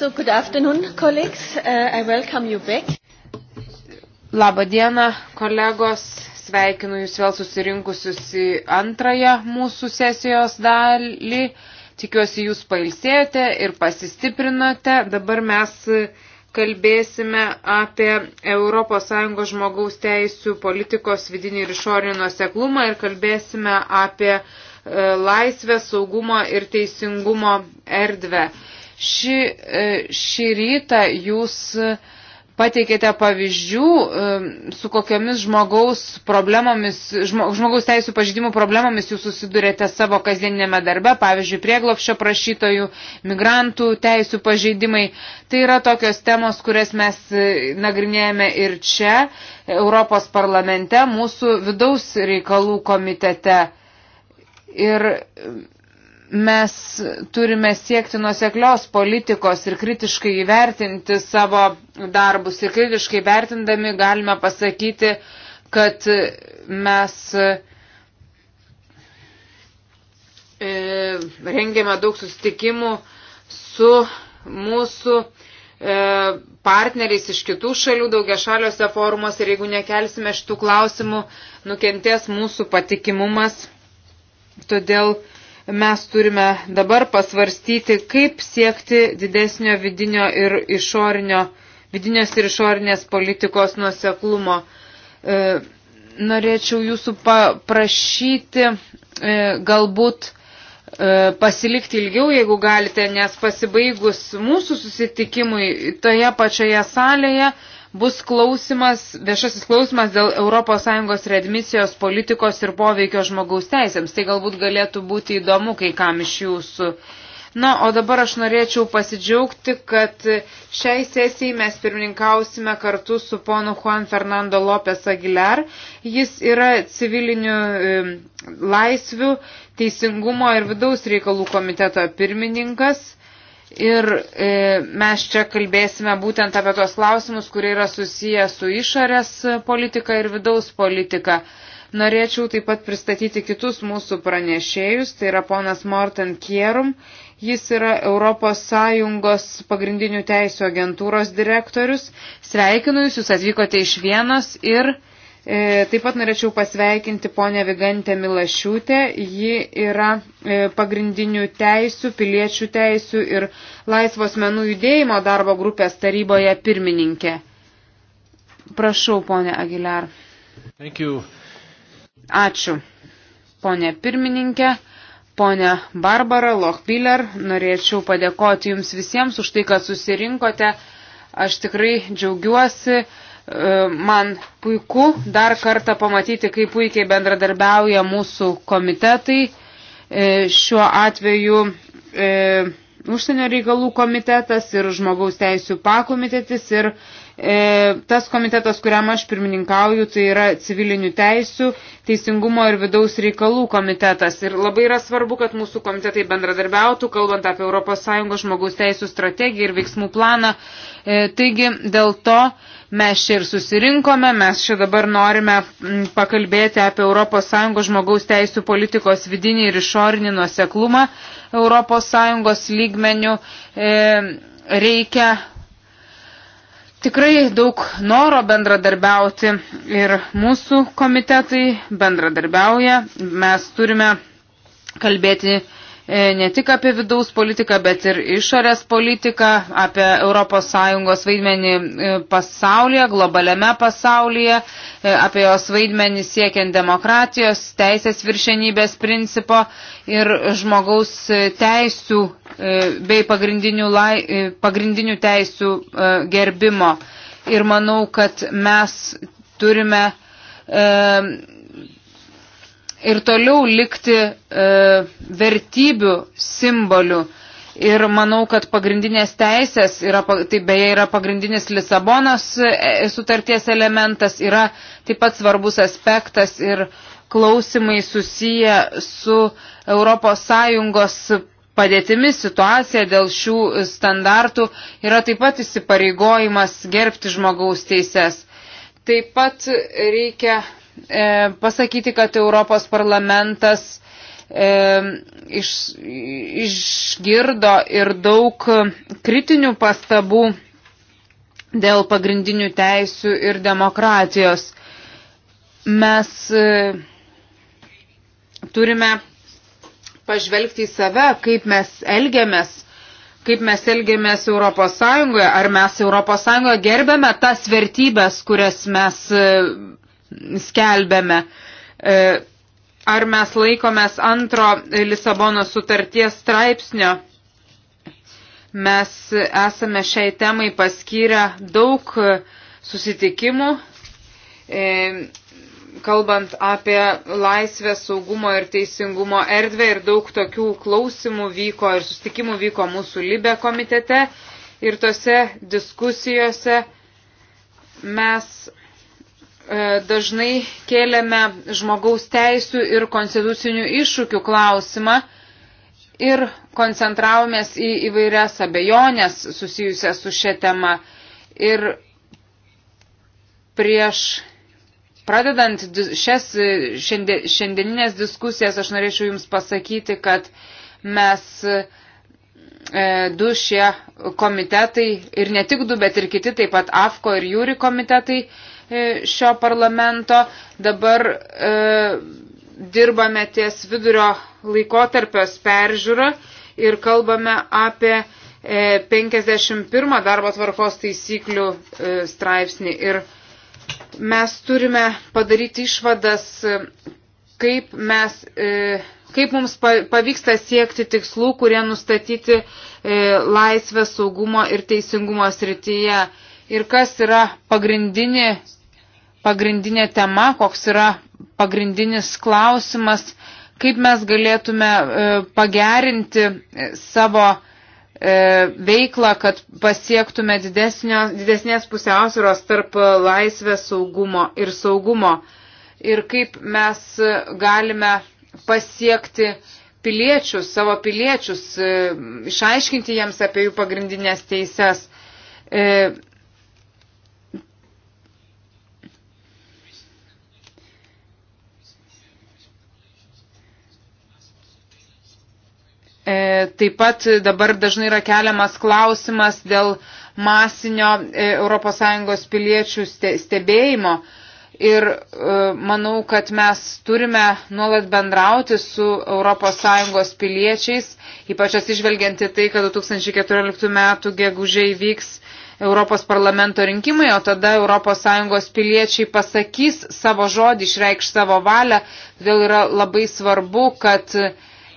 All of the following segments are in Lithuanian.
So, good afternoon, colleagues. Uh, I welcome you back. Labą dieną, kolegos. Sveikinu Jūs vėl susirinkusius į antrąją mūsų sesijos dalį. Tikiuosi, Jūs pailsėjote ir pasistiprinote. Dabar mes kalbėsime apie ES žmogaus teisų politikos vidinį ir išorinį nuoseklumą ir kalbėsime apie e, laisvę, saugumo ir teisingumo erdvę. Ši, e, šį rytą jūs pateikėte pavyzdžių, e, su kokiamis žmogaus, problemomis, žmogaus teisų pažydimų problemomis jūs susidurėte savo kasdieninėme darbe, pavyzdžiui, prieglopščio prašytojų, migrantų teisų pažeidimai. Tai yra tokios temos, kurias mes e, nagrinėjame ir čia, Europos parlamente, mūsų vidaus reikalų komitete. Ir mes turime siekti nuseklios politikos ir kritiškai įvertinti savo darbus. Ir kritiškai vertindami galime pasakyti, kad mes e, rengiame daug susitikimų su mūsų e, partneriais iš kitų šalių daugiašaliuose forumuose ir jeigu nekelsime šitų klausimų, nukentės mūsų patikimumas. Todėl uh, mes turime dabar pasvarstyti, kaip siekti didesnio vidinio ir išorinio, vidinės ir išorinės politikos nuoseklumo. E, norėčiau jūsų paprašyti e, galbūt e, pasilikti ilgiau, jeigu galite, nes pasibaigus mūsų susitikimui toje pačioje salėje bus klausimas, viešasis klausimas dėl ES redmisijos politikos ir poveikio žmogaus teisėms. Tai galbūt galėtų būti įdomu kai kam iš jūsų. Na, o dabar aš norėčiau pasidžiaugti, kad šiai sesijai mes pirmininkausime kartu su ponu Juan Fernando López Aguilar. Jis yra civilinių e, laisvių, teisingumo ir vidaus reikalų komiteto pirmininkas. Ir e, mes čia kalbėsime būtent apie tos klausimus, kurie yra susiję su išorės politika ir vidaus politika. Norėčiau taip pat pristatyti kitus mūsų pranešėjus, tai yra ponas Morten Kierum, jis yra ES pagrindinių teisų agentūros direktorius. Sveikinu jūs, jūs atvykote iš vienos ir E, taip pat norėčiau pasveikinti ponę Vigantę Milašiūtę. Ji yra e, pagrindinių teisų, piliečių teisų ir laisvos menų judėjimo darbo grupės taryboje pirmininkė. Prašau, ponė Aguilar. Ačiū, ponė pirmininkė. Pone Barbara Lochbiller, norėčiau padėkoti Jums visiems už tai, kad susirinkote. Aš tikrai džiaugiuosi man puiku dar kartą pamatyti, kaip puikiai bendradarbiauja mūsų komitetai. E, šiuo atveju e, užsienio reikalų komitetas ir žmogaus teisų pakomitetis ir e, tas komitetas, kuriam aš pirmininkauju, tai yra civilinių teisų, teisingumo ir vidaus reikalų komitetas. Ir labai yra svarbu, kad mūsų komitetai bendradarbiautų, kalbant apie ES žmogaus teisų strategiją ir veiksmų planą. E, taigi dėl to e, mes čia ir susirinkome, mes čia dabar norime mm, pakalbėti apie ES žmogaus teisų politikos vidinį ir išorinį nuoseklumą ES lygmenių. E, reikia tikrai daug noro bendradarbiauti ir mūsų komitetai bendradarbiauja. Mes turime kalbėti E, ne tik apie vidaus politiką, bet ir išorės politiką, apie ES vaidmenį e, pasaulyje, globaliame pasaulyje, e, apie jos vaidmenį siekiant demokratijos, teisės viršenybės principo ir žmogaus teisų bei pagrindinių, lai, pagrindinių teisų gerbimo. Ir manau, kad mes turime e, ir toliau likti e, vertybių simboliu. Ir manau, kad pagrindinės teisės, yra, tai beje yra pagrindinis Lisabonos e, sutarties elementas, yra taip pat svarbus aspektas ir klausimai susiję su ES padėtimi situacija dėl šių standartų yra taip pat įsipareigojimas gerbti žmogaus teises. Taip pat reikia E, pasakyti, kad Europos parlamentas e, iš, išgirdo ir daug kritinių pastabų dėl pagrindinių teisių ir demokratijos. Mes e, turime pažvelgti į save, kaip mes elgiamės, kaip mes elgiamės Europos Sąjungoje, ar mes Europos Sąjungoje gerbėme tas vertybės, kurias mes skelbėme. E, ar mes laikomės antro Lisabono sutarties straipsnio? Mes esame šiai temai paskyrę daug susitikimų, e, kalbant apie laisvę, saugumo ir teisingumo erdvę ir daug tokių klausimų vyko ir susitikimų vyko mūsų Libė komitete ir tose diskusijose mes E, dažnai kėlėme žmogaus teisų ir konstitucinių iššūkių klausimą ir koncentravomės į įvairias abejonės susijusias su šia tema. Ir prieš pradedant šias šiandieninės diskusijas, aš norėčiau Jums pasakyti, kad mes e, du šie komitetai, ir ne tik du, bet ir kiti, taip pat AFKO ir JURI komitetai, E, šio parlamento. Dabar e, dirbame ties vidurio laikotarpios peržiūrą ir kalbame apie 51 e, darbo tvarkos taisyklių e, straipsnį. Ir mes turime padaryti išvadas, kaip, mes, kaip mums pavyksta siekti tikslų, kurie nustatyti laisvės saugumo ir teisingumo srityje. Ir kas yra pagrindinė pagrindinė tema, koks yra pagrindinis klausimas, kaip mes galėtume e, pagerinti e, savo e, veiklą, kad pasiektume didesnio, didesnės pusiausvėros tarp laisvės saugumo ir saugumo ir kaip mes galime pasiekti piliečius, savo piliečius, išaiškinti jiems apie jų pagrindinės teises. E, taip pat dabar dažnai yra keliamas klausimas dėl masinio ES piliečių stebėjimo. Ir e, manau, kad mes turime nuolat bendrauti su ES piliečiais, ypač atsižvelgianti tai, kad 2014 m. gegužiai vyks Europos parlamento rinkimai, o tada ES piliečiai pasakys savo žodį, išreikš savo valią. Todėl yra labai svarbu, kad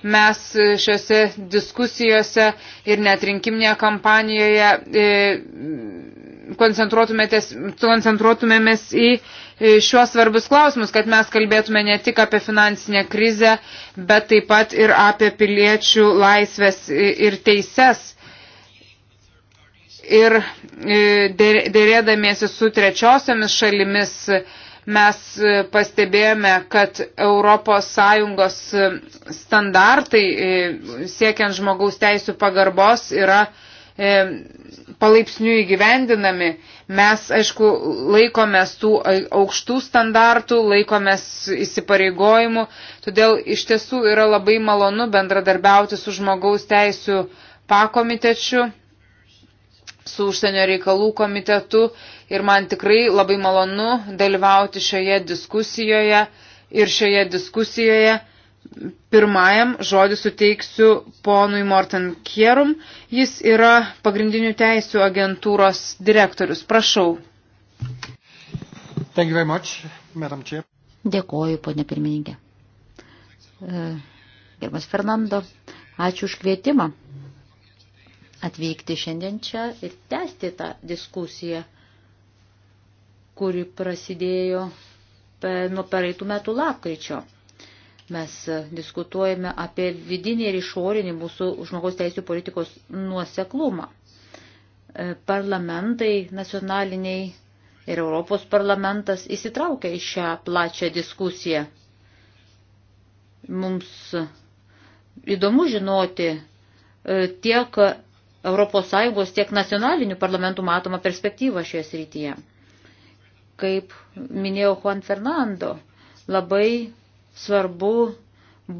mes šiuose diskusijose ir net rinkiminėje kampanijoje e, koncentruotumėmės į e, šiuos svarbius klausimus, kad mes kalbėtume ne tik apie finansinę krizę, bet taip pat ir apie piliečių laisvės ir teises ir e, dėrėdamiesi su trečiosiomis šalimis mes e, pastebėjome, kad ES e, standartai e, siekiant žmogaus teisų pagarbos yra palaipsniui įgyvendinami. Mes, aišku, laikomės tų aukštų standartų, laikomės įsipareigojimų, todėl iš tiesų yra labai malonu bendradarbiauti su žmogaus teisų pakomitečiu, su užsienio reikalų komitetu ir man tikrai labai malonu dalyvauti šioje diskusijoje ir šioje diskusijoje pirmajam žodį suteiksiu ponui Morten Kierum. Jis yra pagrindinių teisų agentūros direktorius. Prašau. Much, Dėkoju, ponė pirmininkė. E, Gerbas Fernando, ačiū už kvietimą atvykti šiandien čia ir tęsti tą diskusiją kuri prasidėjo nuo pereitų metų lapkričio. Mes diskutuojame apie vidinį ir išorinį mūsų žmogaus teisų politikos nuoseklumą. E, parlamentai nacionaliniai ir Europos parlamentas įsitraukia į šią plačią diskusiją. Mums įdomu žinoti e, tiek ES, tiek nacionalinių parlamentų matomą perspektyvą šioje srityje kaip minėjo Juan Fernando, labai svarbu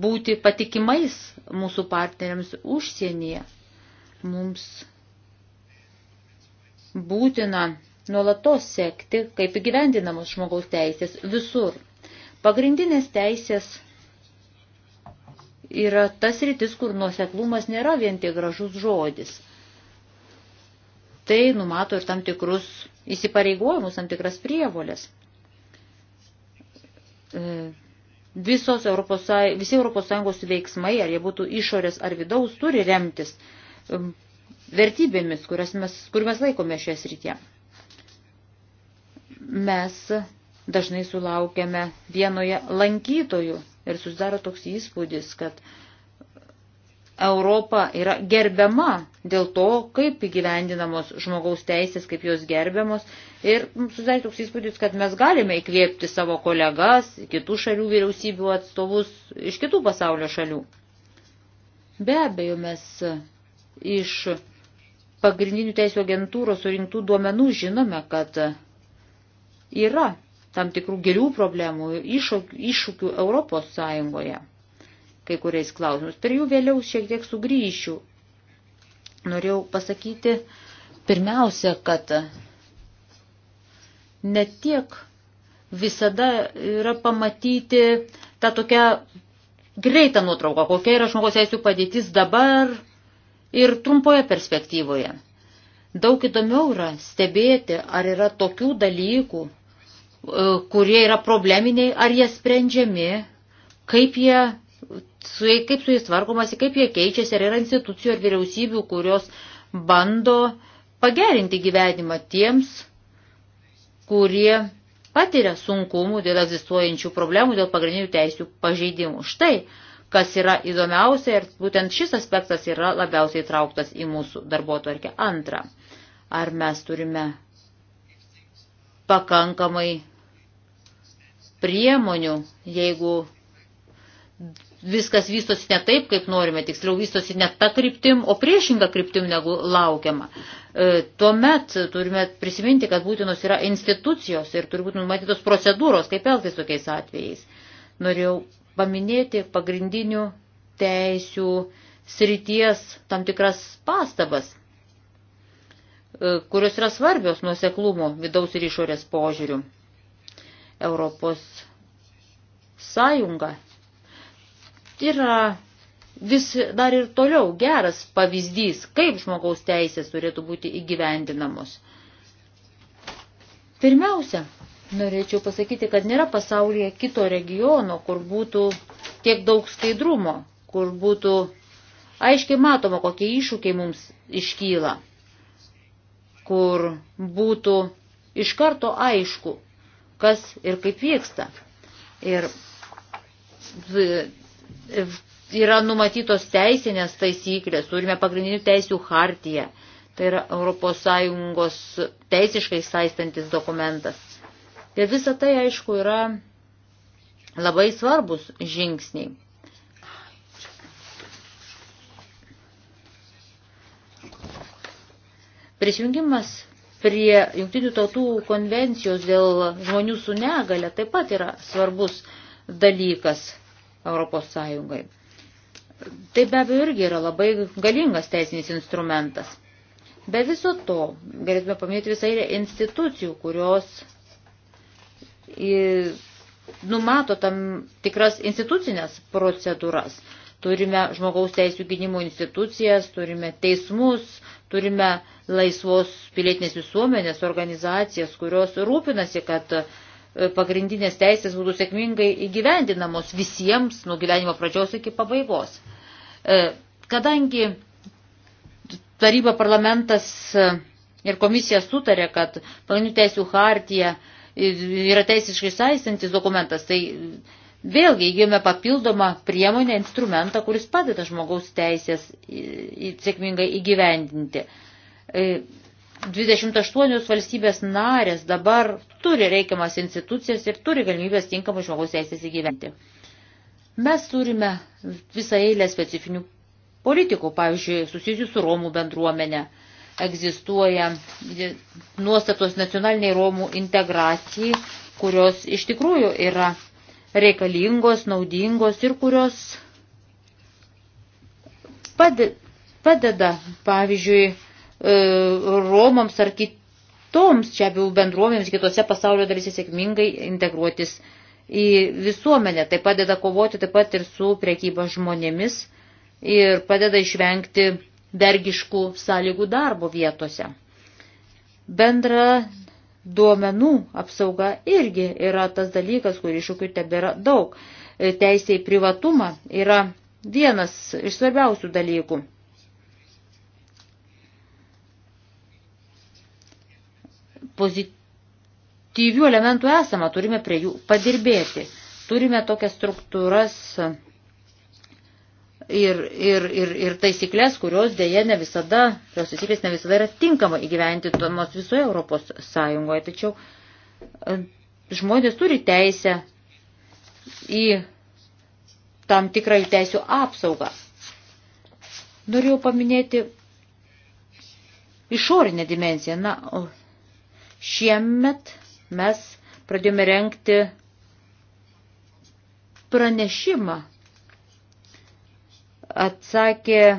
būti patikimais mūsų partneriams užsienyje. Mums būtina nuolatos sekti, kaip įgyvendinamos žmogaus teisės visur. Pagrindinės teisės yra tas rytis, kur nuoseklumas nėra vien tik gražus žodis – tai numato ir tam tikrus įsipareigojimus, tam tikras prievolės. E, visos Europos, visi ES veiksmai, ar jie būtų išorės ar vidaus, turi remtis vertybėmis, mes, kur mes laikome šioje srityje. Mes dažnai sulaukiame vienoje lankytojų ir susidaro toks įspūdis, kad uh, Europa yra gerbiama dėl to, kaip įgyvendinamos žmogaus teisės, kaip jos gerbiamos. Ir susidarė toks įspūdis, kad mes galime įkvėpti savo kolegas, kitų šalių vyriausybių atstovus iš kitų pasaulio šalių. Be abejo, mes iš pagrindinių teisų agentūros surinktų duomenų žinome, kad yra tam tikrų gerių problemų ir iššūkių Europos Sąjungoje kai kuriais klausimus. Per jų vėliau šiek tiek sugrįšiu. Norėjau pasakyti pirmiausia, kad ne tiek visada yra pamatyti tą tokią greitą nuotrauką, kokia yra žmogaus teisų padėtis dabar ir trumpoje perspektyvoje. Daug įdomiau yra stebėti, ar yra tokių dalykų, e, kurie yra probleminiai, ar jie sprendžiami, kaip jie su, kaip su jais tvarkomasi, kaip jie keičiasi, ar yra institucijų ar vyriausybių, kurios bando pagerinti gyvenimą tiems, kurie patiria sunkumų dėl egzistuojančių problemų, dėl pagrindinių teisių pažeidimų. Štai, kas yra įdomiausia ir būtent šis aspektas yra labiausiai trauktas į mūsų darbo tvarkę. Antra, ar mes turime pakankamai priemonių, jeigu viskas vystosi ne taip, kaip norime, tiksliau vystosi ne tą kryptim, o priešingą kryptim negu laukiama. E, tuomet turime prisiminti, kad būtinos yra institucijos ir turi būti numatytos procedūros, kaip elgtis tokiais atvejais. Norėjau paminėti pagrindinių teisių srities tam tikras pastabas, e, kurios yra svarbios nuoseklumo vidaus ir išorės požiūrių. Europos sąjunga yra vis dar ir toliau geras pavyzdys, kaip žmogaus teisės turėtų būti įgyvendinamos. Pirmiausia, norėčiau pasakyti, kad nėra pasaulyje kito regiono, kur būtų tiek daug skaidrumo, kur būtų aiškiai matoma, kokie iššūkiai mums iškyla, kur būtų iš karto aišku, kas ir kaip vyksta. Ir yra numatytos teisinės taisyklės, turime pagrindinių teisių hartiją. Tai yra ES teisiškai saistantis dokumentas. Ir visa tai, aišku, yra labai svarbus žingsniai. Prisijungimas prie Junktinių tautų konvencijos dėl žmonių su negale taip pat yra svarbus dalykas. Europos Sąjungai. Tai be abejo irgi yra labai galingas teisinis instrumentas. Be viso to, galėtume paminėti visą eilę institucijų, kurios į, numato tam tikras institucinės procedūras. Turime žmogaus teisų gynimo institucijas, turime teismus, turime laisvos pilietinės visuomenės organizacijas, kurios rūpinasi, kad uh, E, pagrindinės teisės būtų sėkmingai įgyvendinamos visiems nuo gyvenimo pradžios iki pabaigos. E, kadangi taryba parlamentas e, ir komisija sutarė, kad pagrindinių teisų hartija yra teisiškai saistantis dokumentas, tai vėlgi įgyjome papildomą priemonę, instrumentą, kuris padeda žmogaus teisės sėkmingai įgyvendinti. 28 valstybės narės dabar turi reikiamas institucijas ir turi galimybės tinkamai žmogaus teisės įgyventi. Mes turime visą eilę specifinių politikų, pavyzdžiui, susijusių su Romų bendruomenė. Egzistuoja nuostatos nacionaliniai Romų integracijai, kurios iš tikrųjų yra reikalingos, naudingos ir kurios padeda, pavyzdžiui, e, Romams ar kit, kitoms čia abių bendruomenėms kitose pasaulio dalyse sėkmingai integruotis į visuomenę. Tai padeda kovoti taip pat ir su priekyba žmonėmis ir padeda išvengti vergiškų sąlygų darbo vietose. Bendra duomenų apsauga irgi yra tas dalykas, kur iššūkių tebėra daug. Teisė į privatumą yra vienas iš svarbiausių dalykų. pozityvių elementų esama, turime prie jų padirbėti. Turime tokias struktūras ir, ir, ir, ir taisyklės, kurios dėje ne visada, jos taisyklės ne visada yra tinkama įgyventi tuomos visoje Europos Sąjungoje. Tačiau e, žmonės turi teisę į tam tikrą jų teisų apsaugą. Norėjau paminėti išorinę dimensiją. Na, o Šiemet mes pradėjome renkti pranešimą. Atsakė e,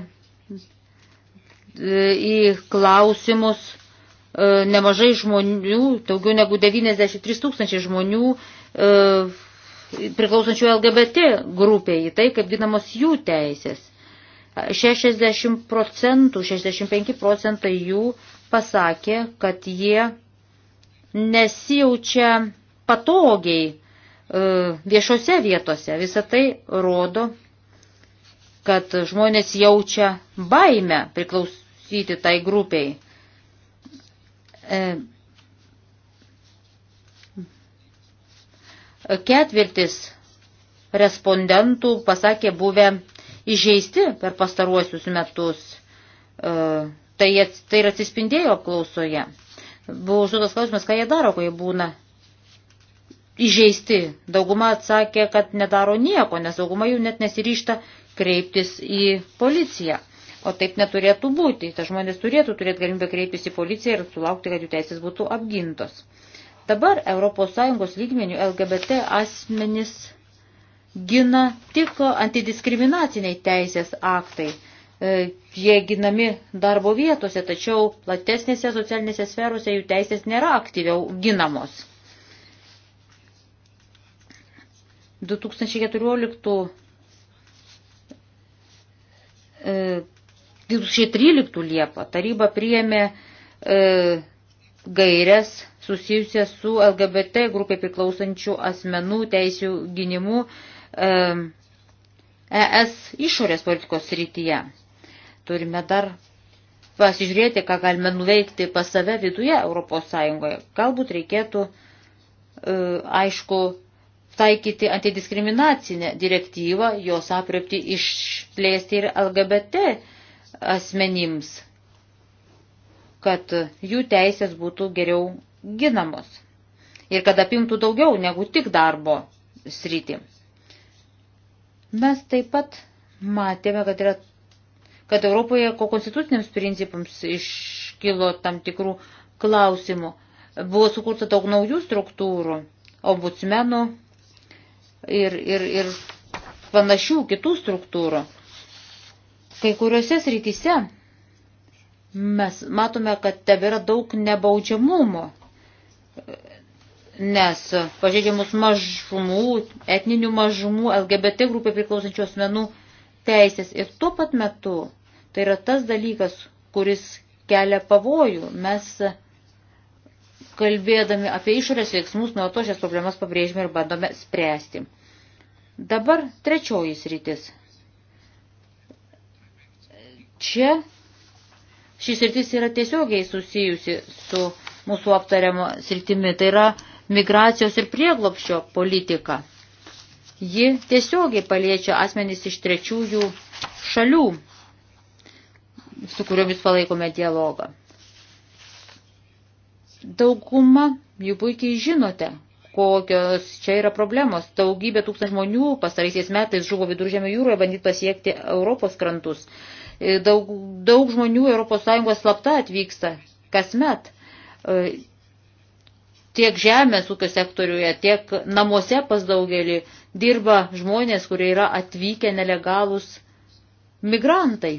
į klausimus e, nemažai žmonių, daugiau negu 93 tūkstančiai žmonių e, priklausančių LGBT grupiai, tai kaip ginamos jų teisės. 60 procentų, 65 procentai jų pasakė, kad jie nesijaučia patogiai e, viešose vietose. Visą tai rodo, kad žmonės jaučia baimę priklausyti tai grupiai. E, ketvirtis respondentų pasakė buvę įžeisti per pastaruosius metus. E, tai, tai ir atsispindėjo apklausoje. Buvo užduotas klausimas, ką jie daro, kai būna įžeisti. Dauguma atsakė, kad nedaro nieko, nes dauguma jų net nesiryšta kreiptis į policiją. O taip neturėtų būti. Ta žmonės turėtų turėti galimybę kreiptis į policiją ir sulaukti, kad jų teisės būtų apgintos. Dabar ES lygmenių LGBT asmenis gina tik antidiskriminaciniai teisės aktai. E, jie ginami darbo vietose, tačiau platesnėse socialinėse sferose jų teisės nėra aktyviau ginamos. 2014 2013 e, Liepą taryba priėmė e, gairias susijusias su LGBT grupė priklausančių asmenų teisių gynimu ES išorės politikos srityje. Turime dar pasižiūrėti, ką galime nuveikti pas save viduje Europos Sąjungoje. Galbūt reikėtų, e, aišku, taikyti antidiskriminacinę direktyvą, jos apriepti išplėsti ir LGBT asmenims, kad jų teisės būtų geriau ginamos ir kad apimtų daugiau negu tik darbo sritį. Mes taip pat matėme, kad yra kad Europoje ko konstituciniams principams iškilo tam tikrų klausimų. Buvo sukurta daug naujų struktūrų, ombudsmenų ir, ir, ir panašių kitų struktūrų. Kai kuriuose srityse mes matome, kad tebėra daug nebaudžiamumo, nes pažeidžiamus mažumų, etninių mažumų, LGBT grupė priklausančių asmenų teisės. Ir tuo pat metu tai yra tas dalykas, kuris kelia pavojų. Mes kalbėdami apie išorės veiksmus, nuo to šias problemas pabrėžime ir bandome spręsti. Dabar trečioji sritis. Čia šis sritis yra tiesiogiai susijusi su mūsų aptariamo sritimi. Tai yra migracijos ir prieglopščio politika. Ji tiesiogiai paliečia asmenys iš trečiųjų šalių, su kuriomis palaikome dialogą. Dauguma jų puikiai žinote, kokios čia yra problemos. Daugybė tūkstančių žmonių pastaraisiais metais žuvo viduržėmio jūroje bandyt pasiekti Europos krantus. Daug, daug žmonių ES slapta atvyksta kasmet tiek žemės ūkio sektoriuje, tiek namuose pas daugelį dirba žmonės, kurie yra atvykę nelegalūs migrantai.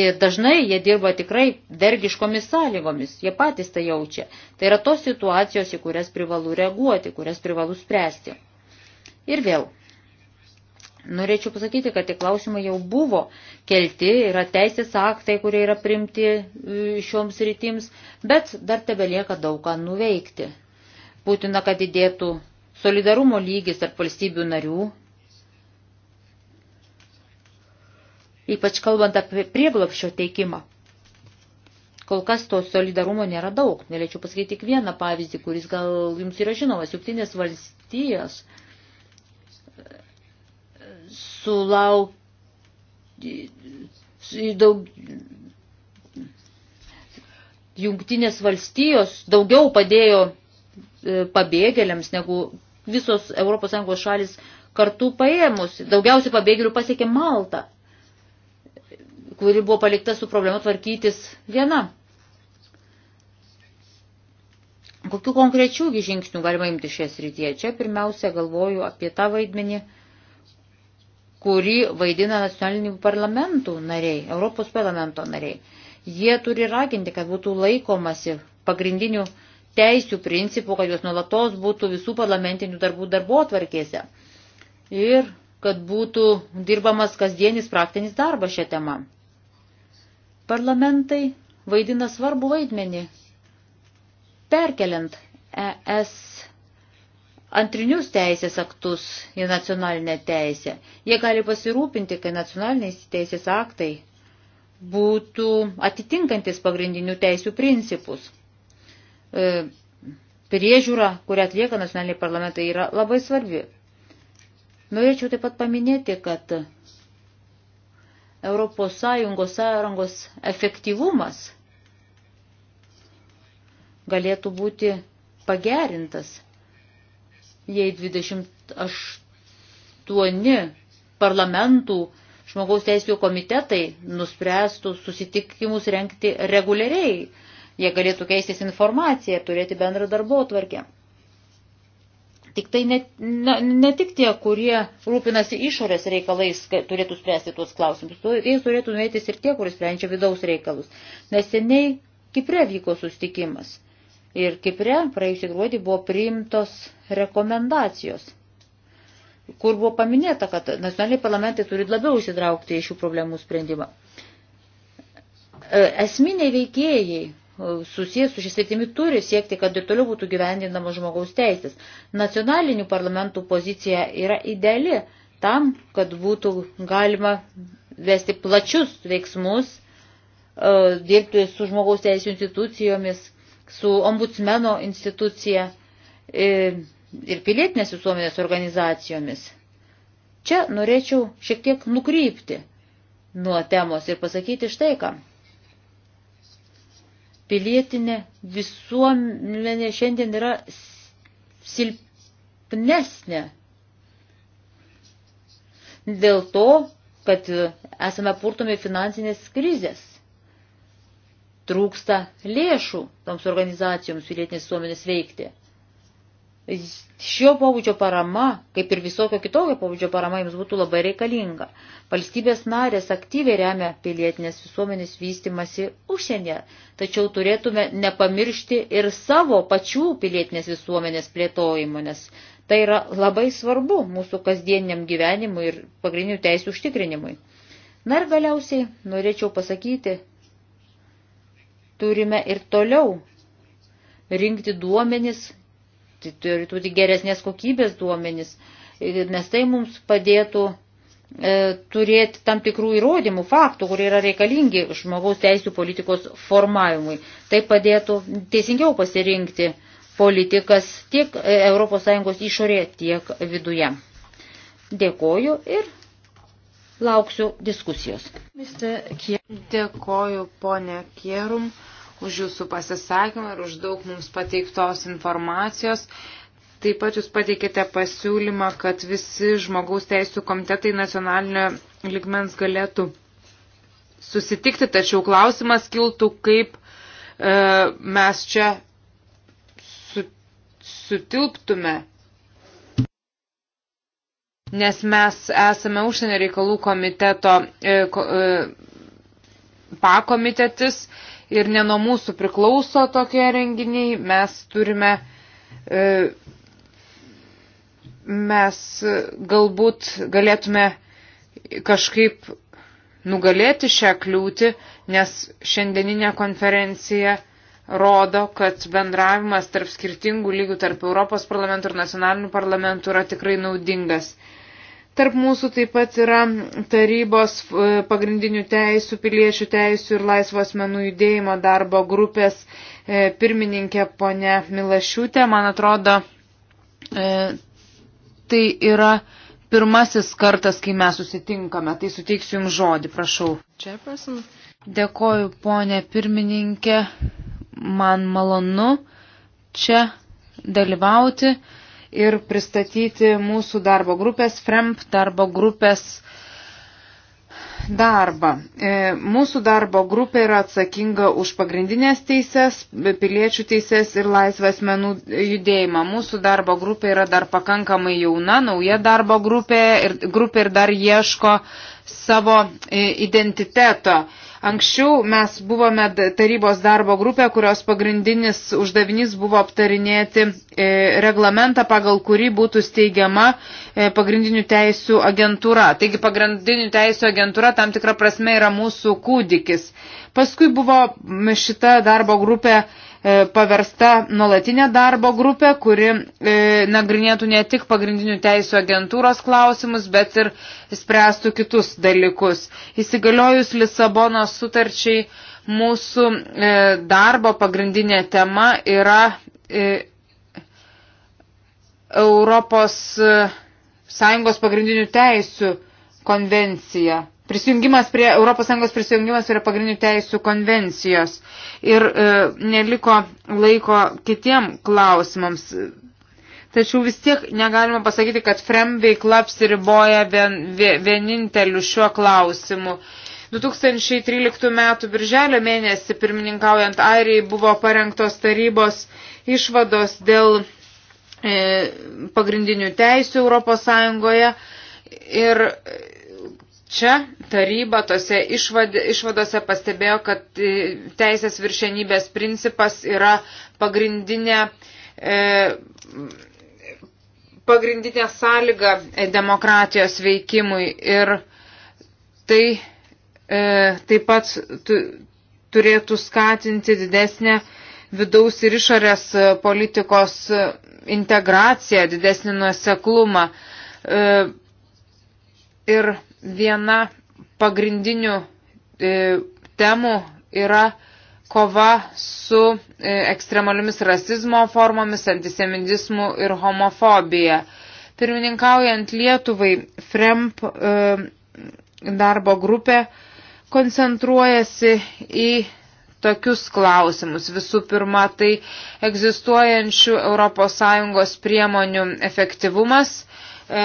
Ir dažnai jie dirba tikrai vergiškomis sąlygomis, jie patys tai jaučia. Tai yra tos situacijos, į kurias privalu reaguoti, kurias privalu spręsti. Ir vėl. Norėčiau pasakyti, kad tie klausimai jau buvo kelti, yra teisės aktai, kurie yra primti e, šioms rytims, bet dar tebelieka daug ką nuveikti. Būtina, kad didėtų solidarumo lygis tarp valstybių narių, ypač kalbant apie prieglopščio teikimą. Kol kas to solidarumo nėra daug. Galėčiau pasakyti tik vieną pavyzdį, kuris gal jums yra žinomas. Jungtinės valstijos e, sulauk... E, daug... Jungtinės valstijos daugiau padėjo E, pabėgėliams negu visos ES šalis kartu paėmus. Daugiausiai pabėgėlių pasiekė Malta, kuri buvo palikta su problema tvarkytis viena. Kokiu konkrečiųgi žingsnių galima imti šią srityje? Čia pirmiausia galvoju apie tą vaidmenį, kurį vaidina nacionalinių parlamentų nariai, Europos parlamento nariai. Jie turi raginti, kad būtų laikomasi pagrindinių teisių principų, kad jos nuolatos būtų visų parlamentinių darbų darbo atvarkėse. Ir kad būtų dirbamas kasdienis praktinis darbas šią temą. Parlamentai vaidina svarbu vaidmenį, perkeliant ES antrinius teisės aktus į nacionalinę teisę. Jie gali pasirūpinti, kad nacionaliniai teisės aktai būtų atitinkantis pagrindinių teisių principus. E, priežiūra, kurią atlieka nacionaliniai parlamentai, yra labai svarbi. Norėčiau taip pat paminėti, kad Europos Sąjungos sąrangos efektyvumas galėtų būti pagerintas, jei 28 parlamentų žmogaus teisų komitetai nuspręstų susitikimus renkti reguliariai Jie galėtų keistis informaciją ir turėti bendrą darbo tvarkę. Tik tai ne, ne, ne tik tie, kurie rūpinasi išorės reikalais, turėtų spręsti tuos klausimus, jais turėtų nuėtis ir tie, kuris sprendžia vidaus reikalus. Neseniai Kipre vyko sustikimas ir Kipre praėjusį gruodį buvo priimtos rekomendacijos, kur buvo paminėta, kad nacionaliniai parlamentai turi labiau įsitraukti į šių problemų sprendimą. E, esminiai veikėjai susijęs su šis sveitimi turi siekti, kad ir toliau būtų gyvendinama žmogaus teisės. Nacionalinių parlamentų pozicija yra ideali tam, kad būtų galima vesti plačius veiksmus, e, dirbti su žmogaus teisų institucijomis, su ombudsmeno institucija e, ir pilietinės visuomenės organizacijomis. Čia norėčiau šiek tiek nukrypti nuo temos ir pasakyti štai ką pilietinė visuomenė šiandien yra silpnesnė. Dėl to, kad esame purtomi finansinės krizės. Trūksta lėšų toms organizacijoms pilietinės visuomenės veikti. Šio pobūdžio parama, kaip ir visokio kitokio pobūdžio parama, jums būtų labai reikalinga. Valstybės narės aktyviai remia pilietinės visuomenės vystimasi užsienyje, tačiau turėtume nepamiršti ir savo pačių pilietinės visuomenės plėtojimo, nes tai yra labai svarbu mūsų kasdieniam gyvenimui ir pagrindinių teisų užtikrinimui. Na ir galiausiai norėčiau pasakyti, turime ir toliau rinkti duomenis Tai turi būti geresnės kokybės duomenys, nes tai mums padėtų e, turėti tam tikrų įrodymų, faktų, kurie yra reikalingi žmogaus teisų politikos formavimui. Tai padėtų teisingiau pasirinkti politikas tiek ES išorėje, tiek viduje. Dėkoju ir lauksiu diskusijos. Dėkoju, ponė Kierum už jūsų pasisakymą ir už daug mums pateiktos informacijos. Taip pat jūs pateikėte pasiūlymą, kad visi žmogaus teisų komitetai nacionalinio ligmens galėtų susitikti, tačiau klausimas kiltų, kaip e, mes čia su, sutilptume nes mes esame užsienio reikalų komiteto e, e, pakomitetis ir ne nuo mūsų priklauso tokie renginiai, mes turime, e, mes galbūt galėtume kažkaip nugalėti šią kliūtį, nes šiandieninė konferencija rodo, kad bendravimas tarp skirtingų lygių, tarp Europos parlamentų ir nacionalinių parlamentų yra tikrai naudingas. Tarp mūsų taip pat yra tarybos e, pagrindinių teisų, piliečių teisų ir laisvos menų judėjimo darbo grupės e, pirmininkė ponė Milašiūtė. Man atrodo, e, tai yra pirmasis kartas, kai mes susitinkame. Tai suteiksiu Jums žodį, prašau. Jefferson. Dėkoju, ponė pirmininkė. Man malonu čia dalyvauti ir pristatyti mūsų darbo grupės, FREMP darbo grupės darbą. E, mūsų darbo grupė yra atsakinga už pagrindinės teises, piliečių teises ir laisvės menų judėjimą. Mūsų darbo grupė yra dar pakankamai jauna, nauja darbo grupė ir, grupė ir dar ieško savo e, identiteto. Anksčiau mes buvome tarybos darbo grupė, kurios pagrindinis uždavinys buvo aptarinėti e, reglamentą, pagal kurį būtų steigiama e, pagrindinių teisų agentūra. Taigi pagrindinių teisų agentūra tam tikrą prasme yra mūsų kūdikis. Paskui buvo šita darbo grupė E, paversta nuolatinė darbo grupė, kuri e, nagrinėtų ne tik pagrindinių teisų agentūros klausimus, bet ir spręstų kitus dalykus. Įsigaliojus Lisabonos sutarčiai mūsų e, darbo pagrindinė tema yra Europos Sąjungos pagrindinių teisų konvencija prisijungimas prie, ES prisijungimas prie pagrindinių teisų konvencijos. Ir e, neliko laiko kitiem klausimams. Tačiau vis tiek negalima pasakyti, kad FREM veikla apsiriboja vien, vieninteliu šiuo klausimu. 2013 m. birželio mėnesį, pirmininkaujant Airijai, buvo parengtos tarybos išvados dėl e, pagrindinių teisių Europos Sąjungoje ir e, Čia taryba tose išvad, išvadose pastebėjo, kad e, teisės viršenybės principas yra pagrindinė, e, pagrindinė sąlyga e, demokratijos veikimui ir tai e, taip pat tu, turėtų skatinti didesnę vidaus ir išorės e, politikos integraciją, didesnį nuoseklumą. E, ir viena pagrindinių e, temų yra kova su e, ekstremaliomis rasizmo formomis, antisemitizmu ir homofobija. Pirmininkaujant Lietuvai, FREMP e, darbo grupė koncentruojasi į tokius klausimus. Visų pirma, tai egzistuojančių ES priemonių efektyvumas. E,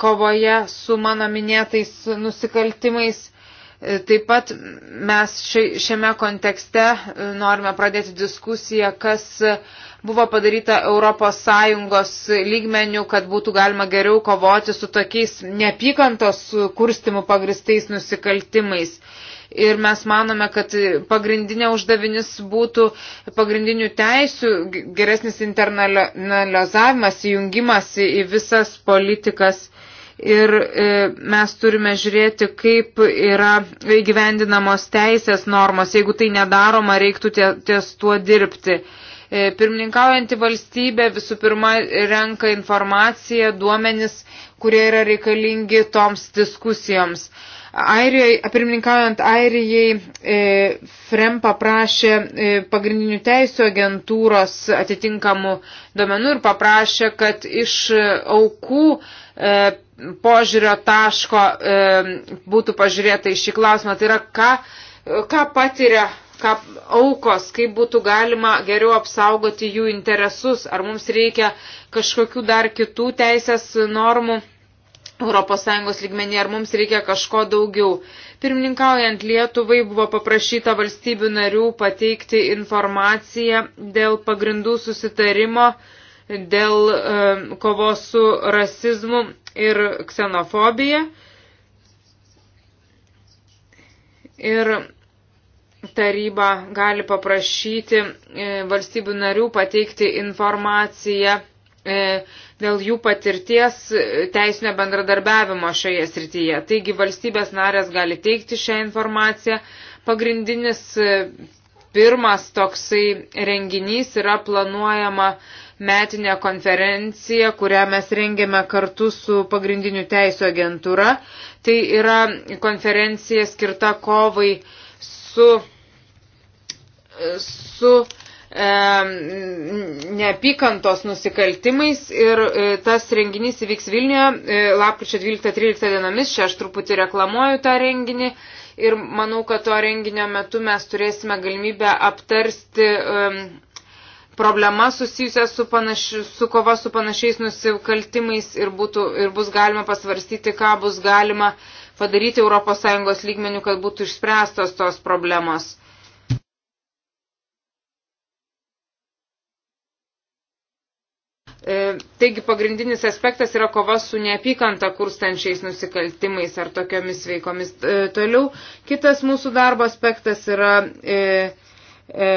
kovoje su mano minėtais nusikaltimais. E, taip pat mes šiame kontekste e, norime pradėti diskusiją, kas buvo padaryta ES lygmenių, kad būtų galima geriau kovoti su tokiais neapykantos kurstimu pagristais nusikaltimais ir mes manome, kad pagrindinė uždavinis būtų pagrindinių teisių geresnis internalizavimas, įjungimas į visas politikas. Ir e, mes turime žiūrėti, kaip yra įgyvendinamos teisės normos. Jeigu tai nedaroma, reiktų ties tuo dirbti. E, pirmininkaujanti valstybė visų pirma renka informaciją, duomenis, kurie yra reikalingi toms diskusijoms. Airijoje, apirmininkaujant Airijai, e, FREM paprašė e, pagrindinių teisų agentūros atitinkamų duomenų ir paprašė, kad iš aukų e, požiūrio taško e, būtų pažiūrėta į šį klausimą. Tai yra, ką, ką patiria ką aukos, kaip būtų galima geriau apsaugoti jų interesus, ar mums reikia kažkokių dar kitų teisės normų ES lygmenį, ar mums reikia kažko daugiau. Pirmininkaujant Lietuvai buvo paprašyta valstybių narių pateikti informaciją dėl pagrindų susitarimo, dėl e, kovos su rasizmu ir ksenofobija. Ir taryba gali paprašyti e, valstybių narių pateikti informaciją E, dėl jų patirties teisinio bendradarbiavimo šioje srityje. Taigi valstybės narės gali teikti šią informaciją. Pagrindinis e, pirmas toksai renginys yra planuojama metinė konferencija, kurią mes rengiame kartu su pagrindiniu teisų agentūra. Tai yra konferencija skirta kovai su, su neapykantos nusikaltimais ir e, tas renginys įvyks Vilniuje e, lapkričio 12-13 dienomis, čia aš truputį reklamuoju tą renginį ir manau, kad to renginio metu mes turėsime galimybę aptarsti problema susijusia su, panaši, su kova su panašiais nusikaltimais ir, būtų, ir bus galima pasvarstyti, ką bus galima padaryti ES lygmenių, kad būtų išspręstos tos problemos. E, taigi pagrindinis aspektas yra kova su neapykanta kurstančiais nusikaltimais ar tokiomis veikomis. E, toliau kitas mūsų darbo aspektas yra e, e,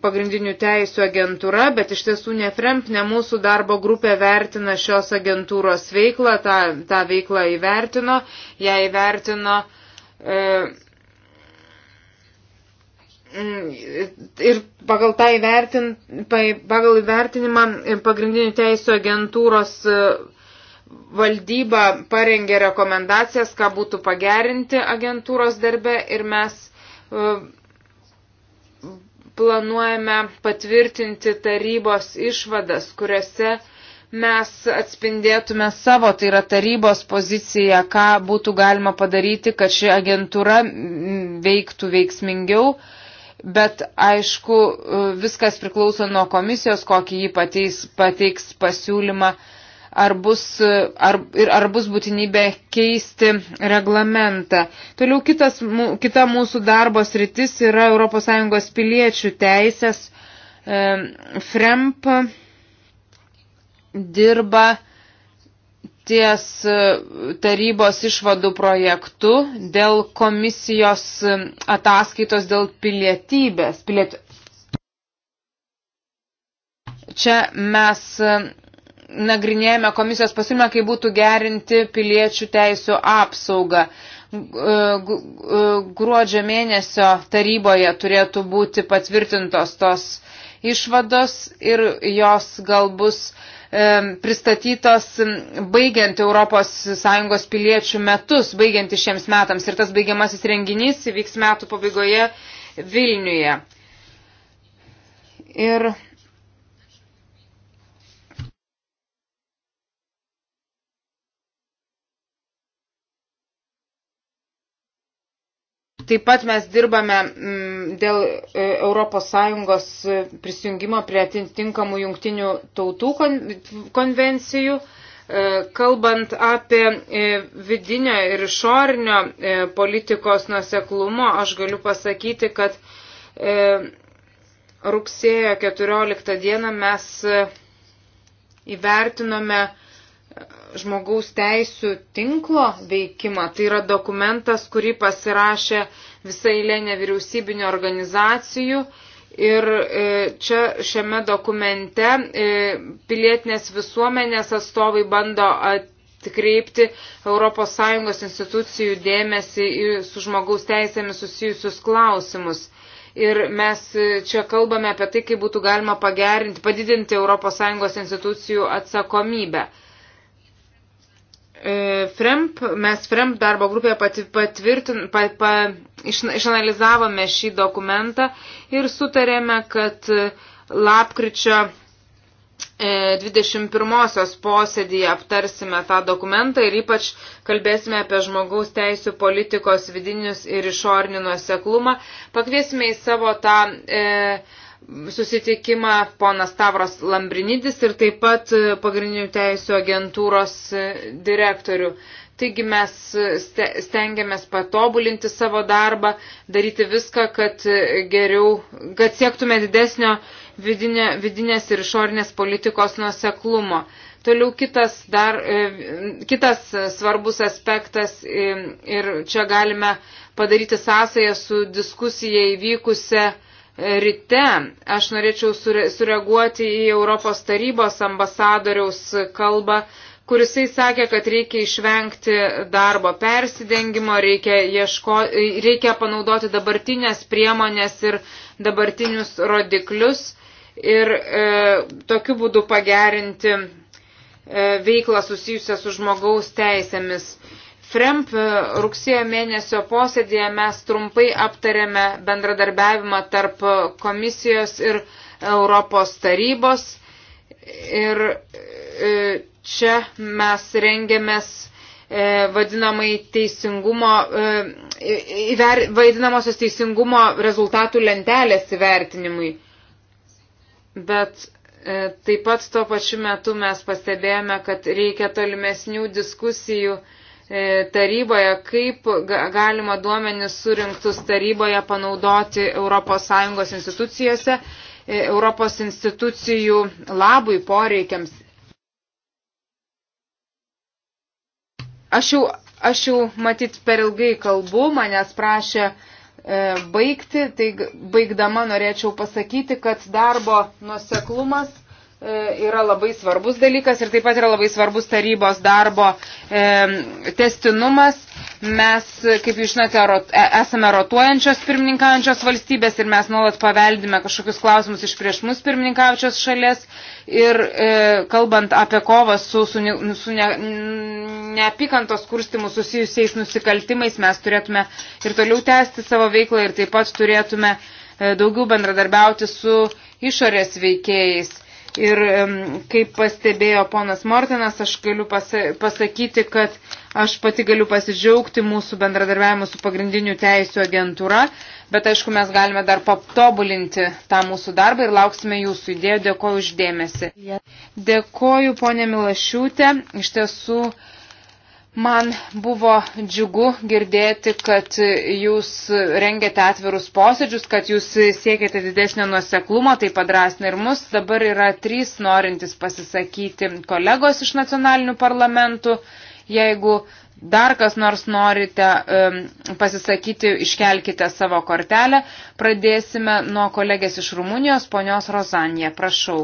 pagrindinių teisų agentūra, bet iš tiesų nefremp, ne mūsų darbo grupė vertina šios agentūros veiklą, tą, tą veiklą įvertino, ją įvertino. E, Mm, ir pagal tą įvertin, pagal įvertinimą e, pagrindinių teisų agentūros e, valdyba parengė rekomendacijas, ką būtų pagerinti agentūros darbe ir mes e, planuojame patvirtinti tarybos išvadas, kuriuose mes atspindėtume savo, tai yra tarybos poziciją, ką būtų galima padaryti, kad ši agentūra veiktų veiksmingiau bet aišku, e, viskas priklauso nuo komisijos, kokį jį pateis, pateiks pasiūlymą, ar bus, e, ar, ir ar bus būtinybė keisti reglamentą. Toliau kitas, kita mūsų darbos rytis yra ES piliečių teisės. E, FREMP dirba ties e, tarybos išvadų projektu dėl komisijos e, ataskaitos dėl pilietybės. Piliet... Čia mes e, nagrinėjame komisijos pasiūlymą, kaip būtų gerinti piliečių teisų apsaugą. Gruodžio mėnesio taryboje turėtų būti patvirtintos tos išvados ir jos gal bus uh, pristatytos baigiant ES piliečių metus, baigiant šiems metams. Ir tas baigiamasis renginys įvyks metų pabaigoje Vilniuje. Ir Taip pat mes dirbame mm, dėl ES e, prisijungimo prie atitinkamų jungtinių tautų konvencijų, e, kalbant apie e, vidinio ir išorinio politikos nuseklumo, aš galiu pasakyti, kad rugsėjo 14 dieną mes įvertinome žmogaus teisų tinklo veikimą. Tai yra dokumentas, kurį pasirašė visa eilė nevyriausybinio organizacijų. Ir e, čia šiame dokumente e, pilietinės visuomenės atstovai bando atkreipti ES institucijų dėmesį į su žmogaus teisėmis susijusius klausimus ir mes e, čia kalbame apie tai, kaip būtų galima pagerinti, padidinti ES institucijų atsakomybę. E, FREMP, mes FREMP darbo grupėje pat, patvirtin, pa, pa, iš, išanalizavome šį dokumentą ir sutarėme, kad e, lapkričio 21-osios e, posėdėje aptarsime tą dokumentą ir ypač kalbėsime apie žmogaus teisų politikos vidinius ir išornį nuoseklumą. Pakviesime į savo tą e, susitikimą ponas Tavros Lambrinidis ir taip pat e, pagrindinių teisų agentūros e, direktorių. Taigi mes e, stengiamės patobulinti savo darbą, daryti viską, kad geriau, kad siektume didesnio vidinė, vidinės ir išorinės politikos nuoseklumo. Toliau kitas, dar, kitas svarbus aspektas ir čia galime padaryti sąsąją su diskusija įvykusią ryte aš norėčiau sureaguoti į Europos tarybos ambasadoriaus kalbą, kuris sakė, kad reikia išvengti darbo persidengimo, reikia, ieško, reikia panaudoti dabartinės priemonės ir dabartinius rodiklius ir e, tokiu būdu pagerinti e, veiklą susijusią su žmogaus teisėmis. FREMP rugsėjo mėnesio posėdėje mes trumpai aptarėme bendradarbiavimą tarp komisijos ir Europos tarybos. Ir e, čia mes rengiamės e, vadinamai teisingumo, e, įver, vadinamosios teisingumo rezultatų lentelės įvertinimui. Bet taip pat tuo pačiu metu mes pastebėjome, kad reikia tolimesnių diskusijų E, taryboje, kaip galima duomenis surinktus taryboje panaudoti ES institucijose, e, Europos institucijų labui poreikiams. Aš jau, aš jau matyt per ilgai kalbu, manęs prašė e, baigti, tai baigdama norėčiau pasakyti, kad darbo nuseklumas E, yra labai svarbus dalykas ir taip pat yra labai svarbus tarybos darbo e, testinumas. Mes, kaip jūs žinote, rot, e, esame rotuojančios pirmininkaujančios valstybės ir mes nuolat paveldime kažkokius klausimus iš prieš mus pirmininkaujančios šalies. Ir e, kalbant apie kovą su, su, su ne, neapykantos kurstimu susijusiais nusikaltimais, mes turėtume ir toliau tęsti savo veiklą ir taip pat turėtume e, daugiau bendradarbiauti su išorės veikėjais Ir kaip pastebėjo ponas Mortinas, aš galiu pasakyti, kad aš pati galiu pasidžiaugti mūsų bendradarbiavimu su pagrindiniu teisų agentūra, bet aišku, mes galime dar patobulinti tą mūsų darbą ir lauksime jūsų idėjų. Dėkoju uždėmesi. Dėkoju, ponė Milašiūtė. Iš tiesų. Man buvo džiugu girdėti, kad jūs rengiate atvirus posėdžius, kad jūs siekiate didesnio nuoseklumo, tai padrasna ir mus. Dabar yra trys norintys pasisakyti kolegos iš nacionalinių parlamentų. Jeigu dar kas nors norite um, pasisakyti, iškelkite savo kortelę. Pradėsime nuo kolegės iš Rumunijos, ponios Rozanija. Prašau.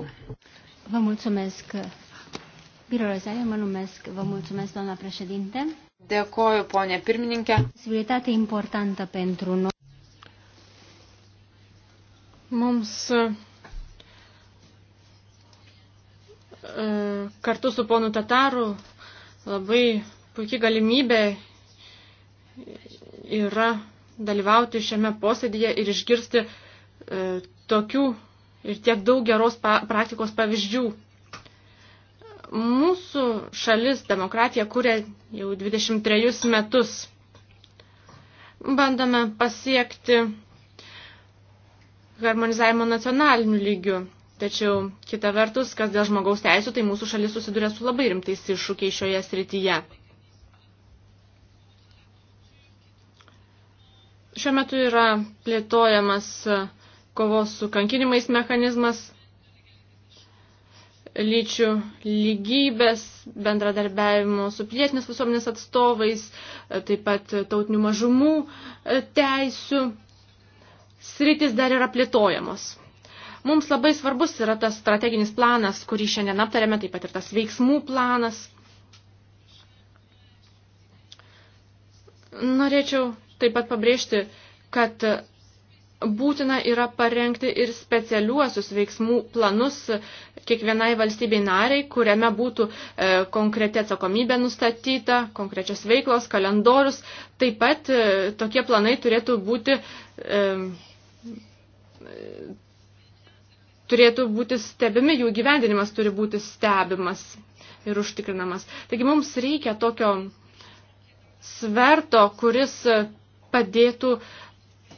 Vă mulțumesc, Piro Rozalė, mă numesc. Vă mulțumesc, doamna președinte. Dėkoju, ponė pirmininkė. Posibilitate importantă pentru noi. Mums e, kartu su ponu Tataru labai puikia galimybė yra dalyvauti šiame posėdėje ir išgirsti e, tokių ir tiek daug geros praktikos pavyzdžių. Mūsų šalis demokratiją kūrė jau 23 metus. Bandome pasiekti harmonizavimo nacionaliniu lygiu. Tačiau kita vertus, kas dėl žmogaus teisų, tai mūsų šalis susiduria su labai rimtais iššūkiai šioje srityje. Šiuo metu yra plėtojamas kovos su kankinimais mechanizmas, lyčių lygybės, bendradarbiavimo su pilietinės visuomenės atstovais, taip pat tautinių mažumų e, teisių sritis dar yra plėtojamos. Mums labai svarbus yra tas strateginis planas, kurį šiandien aptarėme, taip pat ir tas veiksmų planas. Norėčiau taip pat pabrėžti, kad būtina yra parengti ir specialiuosius veiksmų planus kiekvienai valstybei nariai, kuriame būtų e, konkreti atsakomybė nustatyta, konkrečios veiklos, kalendorius. Taip pat e, tokie planai turėtų būti. E, turėtų būti stebimi, jų gyvendinimas turi būti stebimas ir užtikrinamas. Taigi mums reikia tokio sverto, kuris padėtų uh,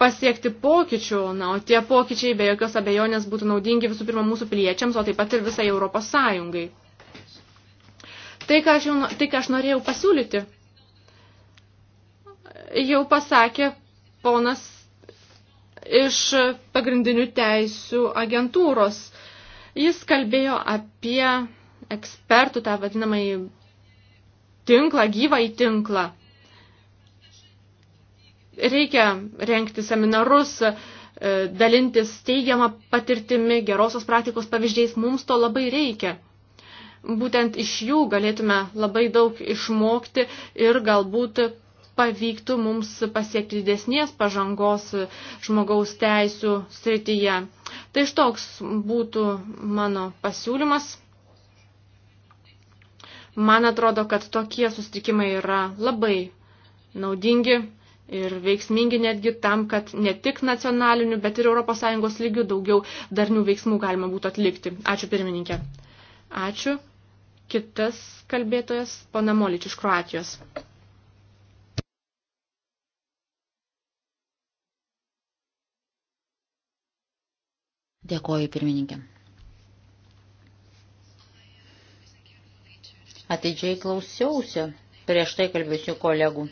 pasiekti pokyčių, na, o tie pokyčiai be jokios abejonės būtų naudingi visų pirma mūsų piliečiams, o taip pat ir visai Europos Sąjungai. Tai, ką aš, jau, tai, ką aš norėjau pasiūlyti, jau pasakė ponas iš pagrindinių teisių agentūros. Jis kalbėjo apie ekspertų tą vadinamąjį tinklą, gyvąjį tinklą. Reikia renkti seminarus, e, dalintis teigiamą patirtimi, gerosios praktikos pavyzdžiais, mums to labai reikia. Būtent iš jų galėtume labai daug išmokti ir galbūt pavyktų mums pasiekti didesnės pažangos žmogaus teisų srityje. Tai štoks būtų mano pasiūlymas. Man atrodo, kad tokie sustikimai yra labai naudingi ir veiksmingi netgi tam, kad ne tik nacionaliniu, bet ir ES lygių daugiau darnių veiksmų galima būtų atlikti. Ačiū pirmininkė. Ačiū. Kitas kalbėtojas, pana Molič iš Kroatijos. Dėkoju pirmininkė. Ateidžiai klausiausi prieš tai kalbėsiu kolegų.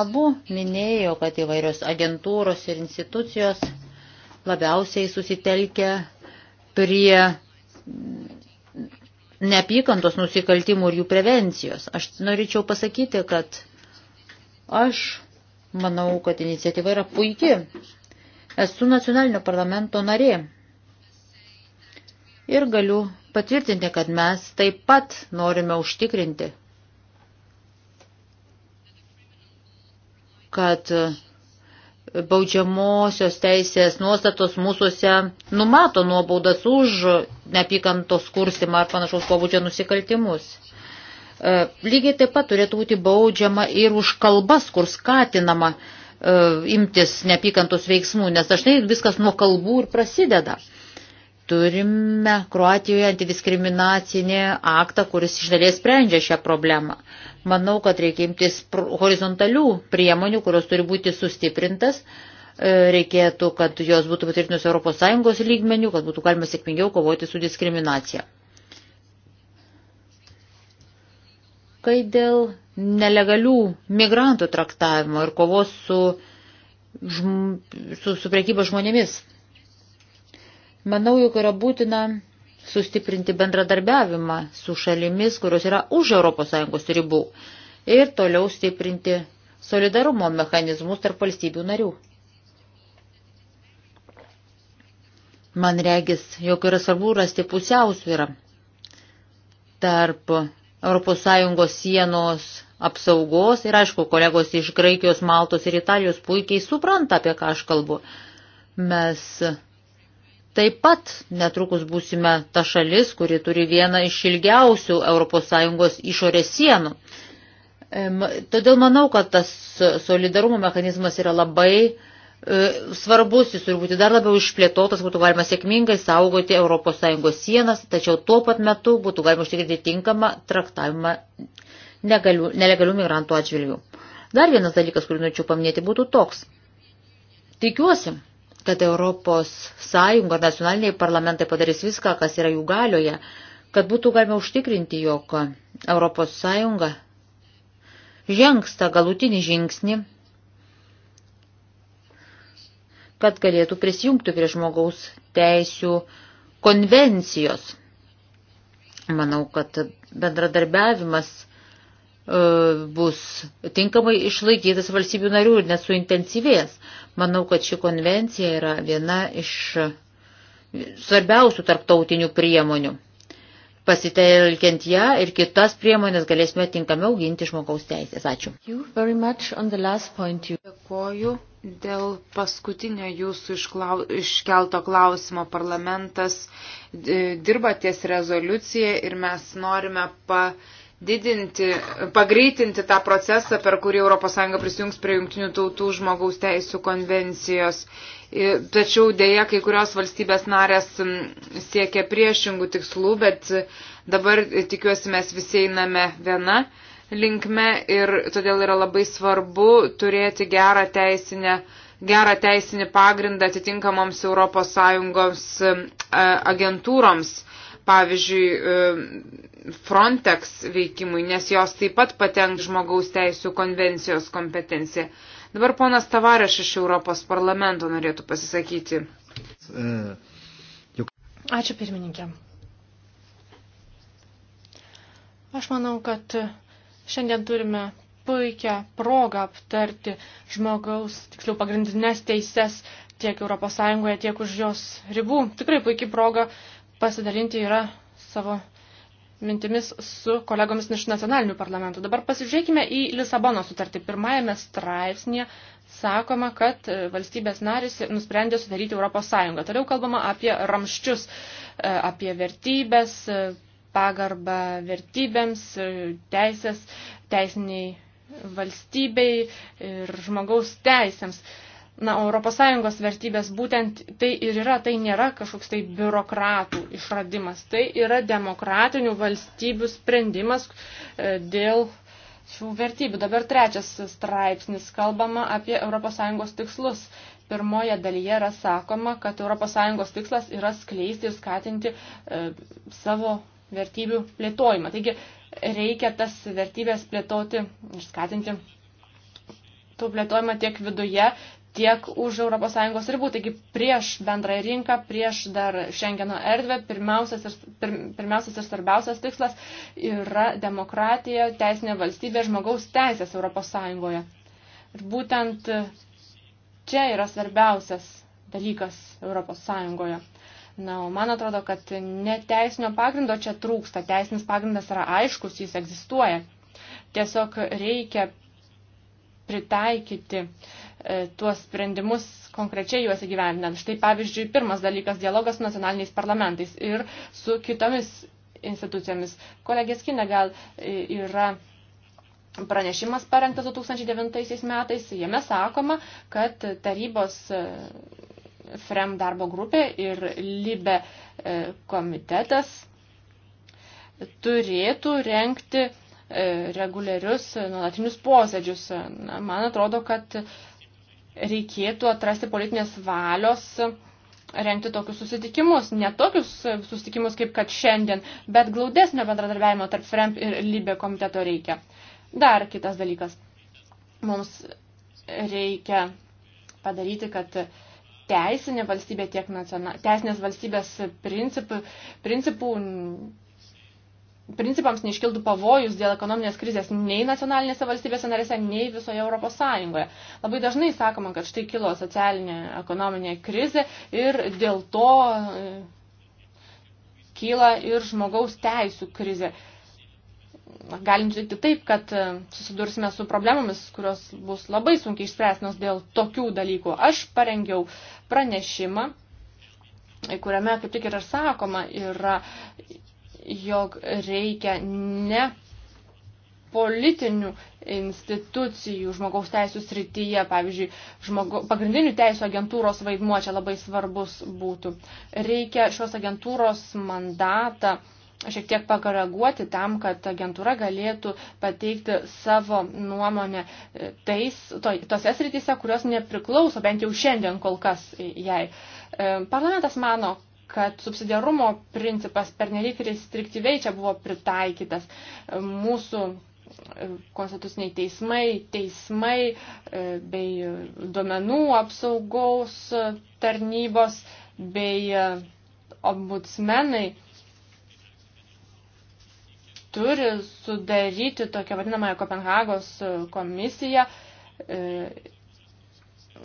Abu minėjo, kad įvairios agentūros ir institucijos labiausiai susitelkia prie neapykantos nusikaltimų ir jų prevencijos. Aš norėčiau pasakyti, kad aš manau, kad iniciatyva yra puiki. Esu nacionalinio parlamento narė. Ir galiu patvirtinti, kad mes taip pat norime užtikrinti kad baudžiamosios teisės nuostatos mūsųse numato nuobaudas už neapykantos kurstimą ar panašaus pobūdžio nusikaltimus. E, lygiai taip pat turėtų būti baudžiama ir už kalbas, kur skatinama e, imtis neapykantos veiksmų, nes dažnai viskas nuo kalbų ir prasideda. Turime Kroatijoje antidiskriminacinį aktą, kuris iš dalies sprendžia šią problemą. Manau, kad reikia imtis horizontalių priemonių, kurios turi būti sustiprintas. E, reikėtų, kad jos būtų patvirtinus ES lygmenių, kad būtų galima sėkmingiau kovoti su diskriminacija. Kai dėl nelegalių migrantų traktavimo ir kovos su, žm, su, su priekyba žmonėmis, manau, jog yra būtina sustiprinti bendradarbiavimą su šalimis, kurios yra už ES ribų ir toliau stiprinti solidarumo mechanizmus tarp valstybių narių. Man regis, jog yra svarbu rasti pusiausvyrą tarp ES sienos apsaugos ir aišku, kolegos iš Graikijos, Maltos ir Italijos puikiai supranta, apie ką aš kalbu. Mes Taip pat netrukus būsime ta šalis, kuri turi vieną iš ilgiausių ES išorės sienų. Todėl manau, kad tas solidarumo mechanizmas yra labai e, svarbus, jis turi būti dar labiau išplėtotas, būtų galima sėkmingai saugoti ES sienas, tačiau tuo pat metu būtų galima užtikrinti tinkamą traktavimą negalių, nelegalių migrantų atžvilgių. Dar vienas dalykas, kurį norėčiau paminėti, būtų toks. Tikiuosi, kad Europos Sąjunga, nacionaliniai parlamentai padarys viską, kas yra jų galioje, kad būtų galima užtikrinti, jog Europos Sąjunga žengs tą galutinį žingsnį, kad galėtų prisijungti prie žmogaus teisių konvencijos. Manau, kad bendradarbiavimas E, bus tinkamai išlaikytas valstybių narių ir nesuintensyvės. Manau, kad ši konvencija yra viena iš svarbiausių tarptautinių priemonių. Pasitelkiant ją ir kitas priemonės galėsime tinkamiau ginti žmogaus teisės. Ačiū. Dėkoju dėl paskutinio jūsų išklau, iškelto klausimo. Parlamentas e, dirba ties rezoliucija ir mes norime pa didinti, pagreitinti tą procesą, per kurį ES prisijungs prie jungtinių tautų žmogaus teisų konvencijos. Tačiau dėja, kai kurios valstybės narės siekia priešingų tikslų, bet dabar tikiuosi mes visi einame viena linkme ir todėl yra labai svarbu turėti gerą teisinę gerą teisinį pagrindą atitinkamoms ES agentūroms pavyzdžiui, e, Frontex veikimui, nes jos taip pat patenk žmogaus teisų konvencijos kompetencija. Dabar ponas Tavareš iš Europos parlamento norėtų pasisakyti. Ačiū pirmininkė. Aš manau, kad šiandien turime puikią progą aptarti žmogaus, tiksliau pagrindinės teises tiek ES, tiek už jos ribų. Tikrai puikiai proga pasidalinti yra savo mintimis su kolegomis iš nacionalinių parlamentų. Dabar pasižiūrėkime į Lisabono sutartį. Pirmajame straipsnėje sakoma, kad e, valstybės narys nusprendė sudaryti Europos Sąjungą. Toliau kalbama apie ramščius, e, apie vertybės, e, pagarbą vertybėms, teisės, teisiniai valstybei ir žmogaus teisėms. Na, ES vertybės būtent tai ir yra, tai nėra kažkoks tai biurokratų išradimas, tai yra demokratinių valstybių sprendimas e, dėl šių vertybių. Dabar trečias straipsnis kalbama apie ES tikslus. Pirmoje dalyje yra sakoma, kad ES tikslas yra skleisti ir skatinti e, savo vertybių plėtojimą. Taigi reikia tas vertybės plėtoti ir skatinti tų plėtojimą tiek viduje, tiek už ES ribų. Taigi prieš bendrąją rinką, prieš dar Schengeno erdvę, pirmiausias ir, pir, pirmiausias ir svarbiausias tikslas yra demokratija, teisinė valstybė, žmogaus teisės ES. Ir būtent čia yra svarbiausias dalykas ES. Na, o man atrodo, kad neteisinio pagrindo čia trūksta. Teisinis pagrindas yra aiškus, jis egzistuoja. Tiesiog reikia pritaikyti uh, E, tuos sprendimus konkrečiai juos įgyvendinant. Štai pavyzdžiui, pirmas dalykas – dialogas su nacionaliniais parlamentais ir su kitomis institucijomis. Kolegės Kinegal e, yra pranešimas parengtas 2009 metais. Jame sakoma, kad tarybos e, FREM darbo grupė ir LIBE komitetas turėtų renkti reguliarius nuolatinius posėdžius. Man atrodo, kad reikėtų atrasti politinės valios rengti tokius susitikimus, ne tokius susitikimus kaip kad šiandien, bet glaudesnio bendradarbiavimo tarp FREMP ir LIBE komiteto reikia. Dar kitas dalykas. Mums reikia padaryti, kad teisinė valstybė tiek nacional... teisinės valstybės principų, principų principams neiškiltų pavojus dėl ekonominės krizės nei nacionalinėse valstybėse narėse, nei visoje Europos Sąjungoje. Labai dažnai sakoma, kad štai kilo socialinė ekonominė krizė ir dėl to e, kyla ir žmogaus teisų krizė. Galim žiūrėti taip, kad e, susidursime su problemomis, kurios bus labai sunkiai išspręsnos dėl tokių dalykų. Aš parengiau pranešimą, kuriame kaip tik ir sakoma, yra jog reikia ne politinių institucijų žmogaus teisų srityje, pavyzdžiui, žmogu, pagrindinių teisų agentūros vaidmuo čia labai svarbus būtų. Reikia šios agentūros mandatą šiek tiek pakoreguoti tam, kad agentūra galėtų pateikti savo nuomonę tais, to, tose srityse, kurios nepriklauso, bent jau šiandien kol kas jai. E, parlamentas mano, kad subsidiarumo principas pernelyg restriktyviai čia buvo pritaikytas. Mūsų e, konstituciniai teismai, teismai e, bei duomenų apsaugos tarnybos bei e, ombudsmenai turi sudaryti tokią vadinamąją Kopenhagos komisiją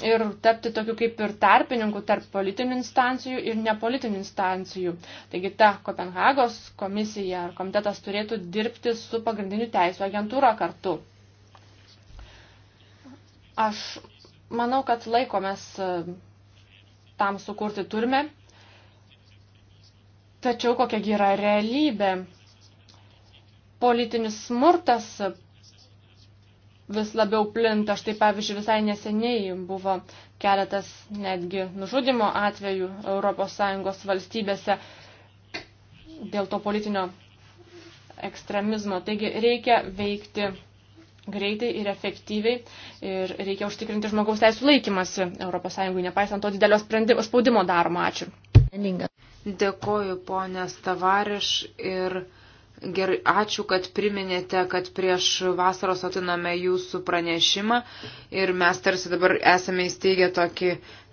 ir tapti tokiu kaip ir tarpininku tarp politinių instancijų ir nepolitinių instancijų. Taigi ta Kopenhagos komisija ar komitetas turėtų dirbti su pagrindiniu teisų agentūra kartu. Aš manau, kad laiko mes e, tam sukurti turime, tačiau kokiagi yra realybė. Politinis smurtas vis labiau plinta. Štai pavyzdžiui, visai neseniai buvo keletas netgi nužudimo atvejų ES valstybėse dėl to politinio ekstremizmo. Taigi reikia veikti greitai ir efektyviai ir reikia užtikrinti žmogaus teisų laikymasi ES, nepaisant to didelio spaudimo daroma. Ačiū. Dėkoju, ponė Stavariš ir Gerai, ačiū, kad priminėte, kad prieš vasaros atiname jūsų pranešimą ir mes tarsi dabar esame įsteigę tokį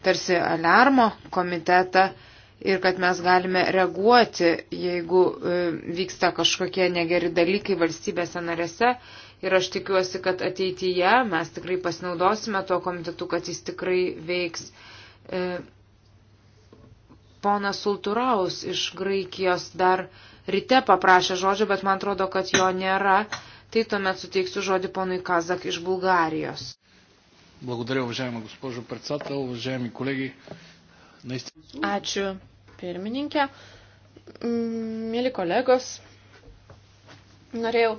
tarsi alarmo komitetą ir kad mes galime reaguoti, jeigu e, vyksta kažkokie negeri dalykai valstybėse narėse. Ir aš tikiuosi, kad ateityje mes tikrai pasinaudosime tuo komitetu, kad jis tikrai veiks. E, ponas Sulturaus iš Graikijos dar ryte paprašė žodžio, bet man atrodo, kad jo nėra. Tai tuomet suteiksiu žodį ponui Kazak iš Bulgarijos. Благодаря, уважаема госпожо председател, уважаеми колеги. Наистина... Ačiū, pirmininkė. Mėly kolegos, norėjau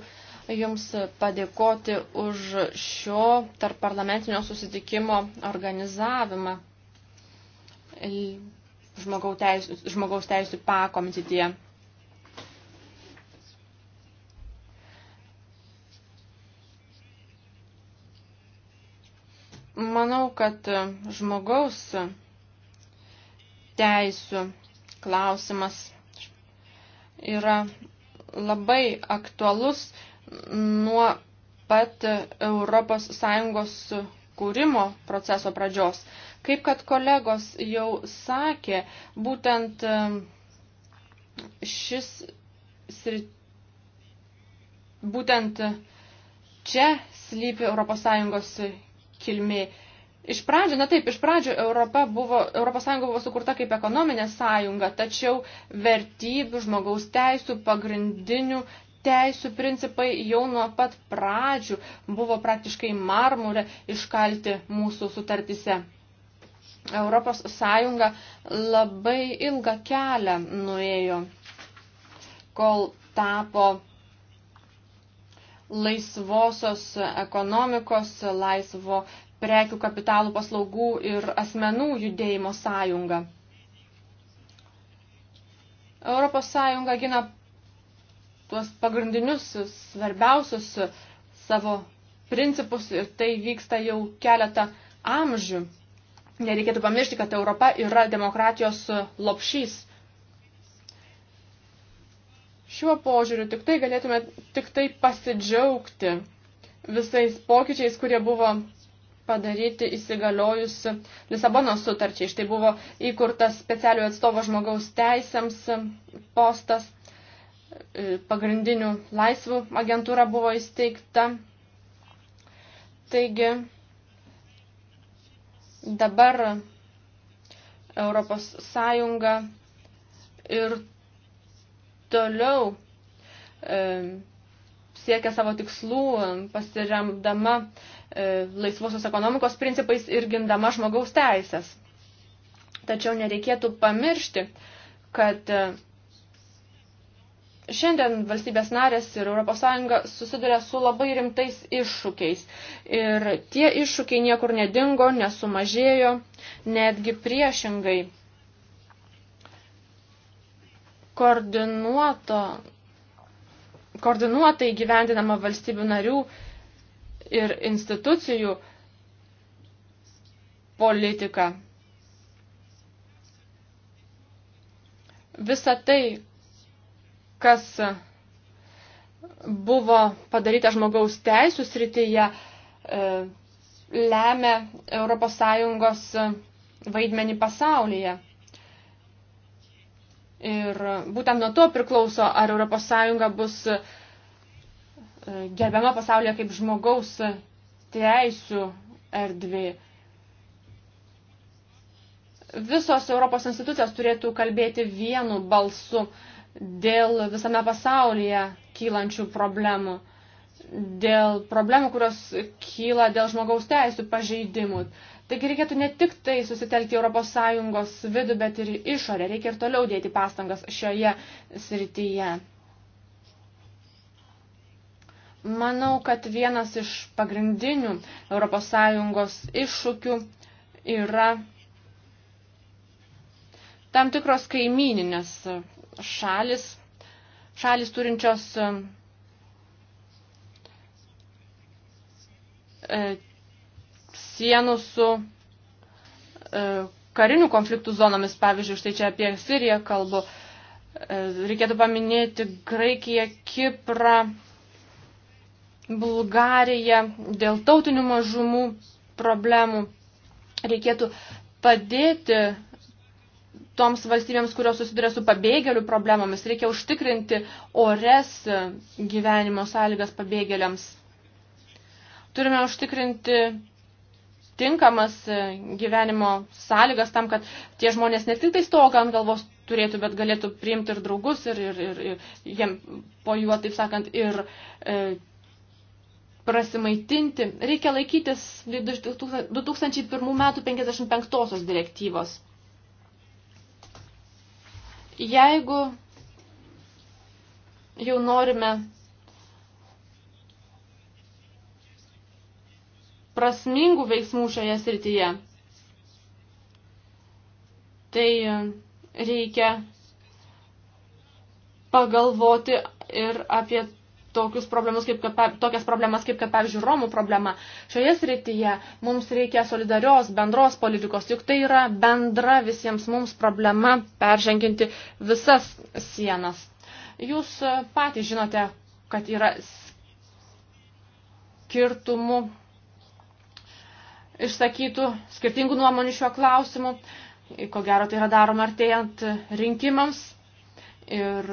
Jums padėkoti už šio tarp parlamentinio susitikimo organizavimą žmogaus teisų, žmogaus teisų pakomitetyje. Manau, kad žmogaus teisų klausimas yra labai aktualus nuo pat ES kūrimo proceso pradžios. Kaip kad kolegos jau sakė, būtent e, šis srit... būtent čia slypi ES kilmė. Iš pradžio, na taip, iš pradžio Europa buvo, ES buvo sukurta kaip ekonominė sąjunga, tačiau vertybių, žmogaus teisų, pagrindinių teisų principai jau nuo pat pradžių buvo praktiškai marmurė iškalti mūsų sutartise. Europos Sąjunga labai ilgą kelią nuėjo, kol tapo laisvosios ekonomikos, laisvo prekių, kapitalų, paslaugų ir asmenų judėjimo sąjunga. Europos sąjunga gina tuos pagrindinius, svarbiausius savo principus ir tai vyksta jau keletą amžių. Nereikėtų pamiršti, kad Europa yra demokratijos lopšys. Šiuo požiūriu tik tai galėtume tik tai pasidžiaugti visais pokyčiais, kurie buvo padaryti įsigaliojus Lisabonos sutarčiai. Štai buvo įkurtas specialių atstovo žmogaus teisėms postas, pagrindinių laisvų agentūra buvo įsteigta. Taigi, Dabar Europos Sąjunga ir toliau e, siekia savo tikslų, pasiremdama e, laisvosios ekonomikos principais ir gindama žmogaus teisės. Tačiau nereikėtų pamiršti, kad e, Šiandien valstybės narės ir ES susiduria su labai rimtais iššūkiais. Ir tie iššūkiai niekur nedingo, nesumažėjo, netgi priešingai. Koordinuoto, koordinuotai gyvendinama valstybių narių ir institucijų politika. Visa tai, kas buvo padaryta žmogaus teisų srityje, e, lemia ES vaidmenį pasaulyje. Ir būtent nuo to priklauso, ar ES bus e, gerbiama pasaulyje kaip žmogaus teisų erdvė. Visos Europos institucijos turėtų kalbėti vienu balsu dėl visame pasaulyje kylančių problemų, dėl problemų, kurios kyla dėl žmogaus teisų pažeidimų. Taigi reikėtų ne tik tai susitelkti ES vidų, bet ir išorę. Reikia ir toliau dėti pastangas šioje srityje. Manau, kad vienas iš pagrindinių ES iššūkių yra tam tikros kaimininės šalis, šalis turinčios e, sienų su e, karinių konfliktų zonomis, pavyzdžiui, štai čia apie Siriją kalbu, e, reikėtų paminėti Graikiją, Kiprą, Bulgariją, dėl tautinių mažumų problemų reikėtų padėti toms valstybėms, kurios susiduria su pabėgėlių problemomis. Reikia užtikrinti ores gyvenimo sąlygas pabėgėliams. Turime užtikrinti tinkamas gyvenimo sąlygas tam, kad tie žmonės ne tik tai stogą ant galvos turėtų, bet galėtų priimti ir draugus ir, ir, ir, ir jiem po juo, taip sakant, ir e, prasimaitinti. Reikia laikytis 2001 metų 55 direktyvos. Jeigu jau norime prasmingų veiksmų šioje srityje, tai reikia pagalvoti ir apie tokius problemus kaip, kad, tokias problemas kaip, kad, pavyzdžiui, Romų problema. Šioje srityje mums reikia solidarios bendros politikos, juk tai yra bendra visiems mums problema perženginti visas sienas. Jūs patys žinote, kad yra skirtumų išsakytų skirtingų nuomonių šiuo klausimu. Ko gero tai yra daroma artėjant rinkimams. Ir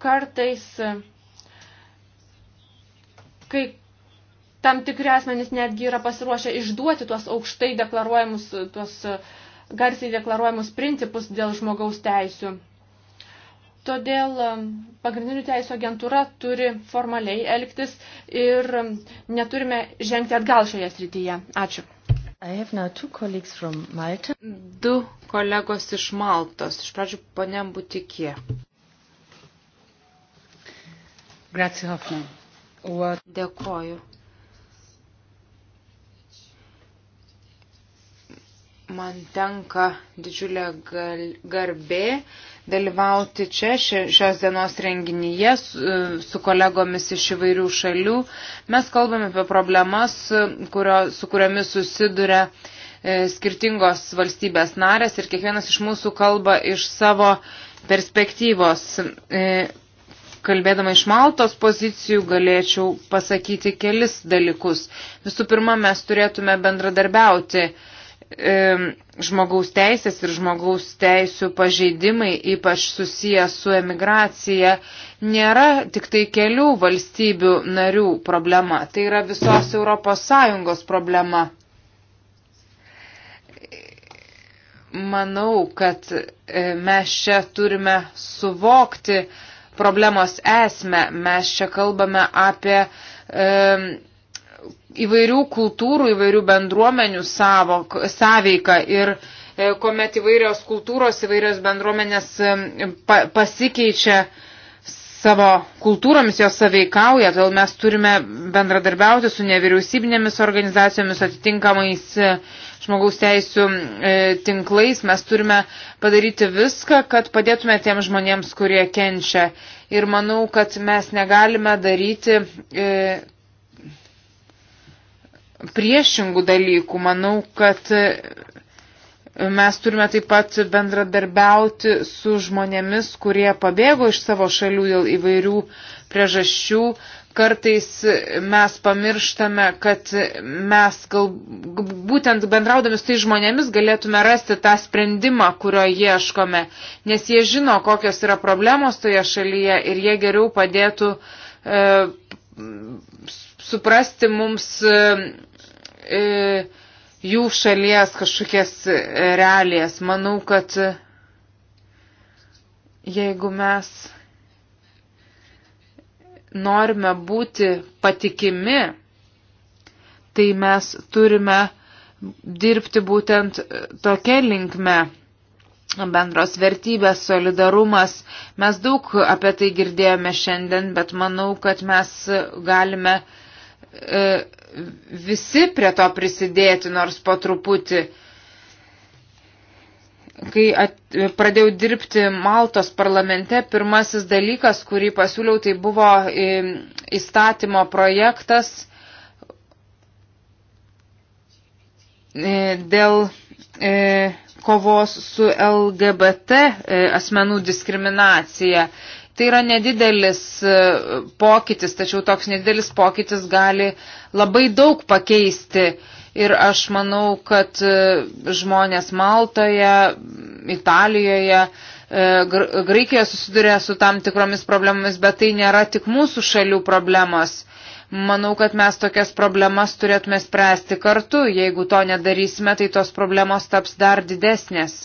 kartais kai tam tikri asmenys netgi yra pasiruošę išduoti tuos aukštai deklaruojamus, tuos garsiai deklaruojamus principus dėl žmogaus teisių. Todėl um, pagrindinių teisų agentūra turi formaliai elgtis ir um, neturime žengti atgal šioje srityje. Ačiū. I have now two colleagues from Malta. Du kolegos iš Maltos. Iš pradžių ponė Butikė. Grazie, Hoffman. What? Dėkoju. Man tenka didžiulė gal, garbė dalyvauti čia šios dienos renginyje su, su kolegomis iš įvairių šalių. Mes kalbame apie problemas, kurio, su kuriomis susiduria e, skirtingos valstybės narės ir kiekvienas iš mūsų kalba iš savo perspektyvos. E, kalbėdama iš Maltos pozicijų, galėčiau pasakyti kelis dalykus. Visų pirma, mes turėtume bendradarbiauti e, žmogaus teisės ir žmogaus teisų pažeidimai, ypač susiję su emigracija, nėra tik tai kelių valstybių narių problema, tai yra visos ES problema. Manau, kad e, mes čia turime suvokti, problemos esmę. Mes čia kalbame apie e, įvairių kultūrų, įvairių bendruomenių savok, sąveiką ir e, kuomet įvairios kultūros, įvairios bendruomenės e, pa, pasikeičia e, savo kultūromis jos saveikauja, todėl mes turime bendradarbiauti su nevyriausybinėmis organizacijomis atitinkamais e, žmogaus teisų e, tinklais. Mes turime padaryti viską, kad padėtume tiem žmonėms, kurie kenčia. Ir manau, kad mes negalime daryti e, priešingų dalykų. Manau, kad Mes turime taip pat bendradarbiauti su žmonėmis, kurie pabėgo iš savo šalių dėl įvairių priežasčių. Kartais mes pamirštame, kad mes gal, būtent bendraudami su tai žmonėmis galėtume rasti tą sprendimą, kurio ieškome, nes jie žino, kokios yra problemos toje šalyje ir jie geriau padėtų e, suprasti mums. E, e, jų šalies kažkokias e, realijas. Manau, kad e, jeigu mes norime būti patikimi, tai mes turime dirbti būtent e, tokia linkme bendros vertybės, solidarumas. Mes daug apie tai girdėjome šiandien, bet manau, kad mes galime E, visi prie to prisidėti, nors po truputį. Kai at, e, pradėjau dirbti Maltos parlamente, pirmasis dalykas, kurį pasiūliau, tai buvo e, įstatymo projektas dėl kovos su LGBT asmenų diskriminacija. Tai yra nedidelis e, pokytis, tačiau toks nedidelis pokytis gali labai daug pakeisti. Ir aš manau, kad e, žmonės Maltoje, Italijoje, e, Graikijoje susiduria su tam tikromis problemomis, bet tai nėra tik mūsų šalių problemos. Manau, kad mes tokias problemas turėtume spręsti kartu. Jeigu to nedarysime, tai tos problemos taps dar didesnės.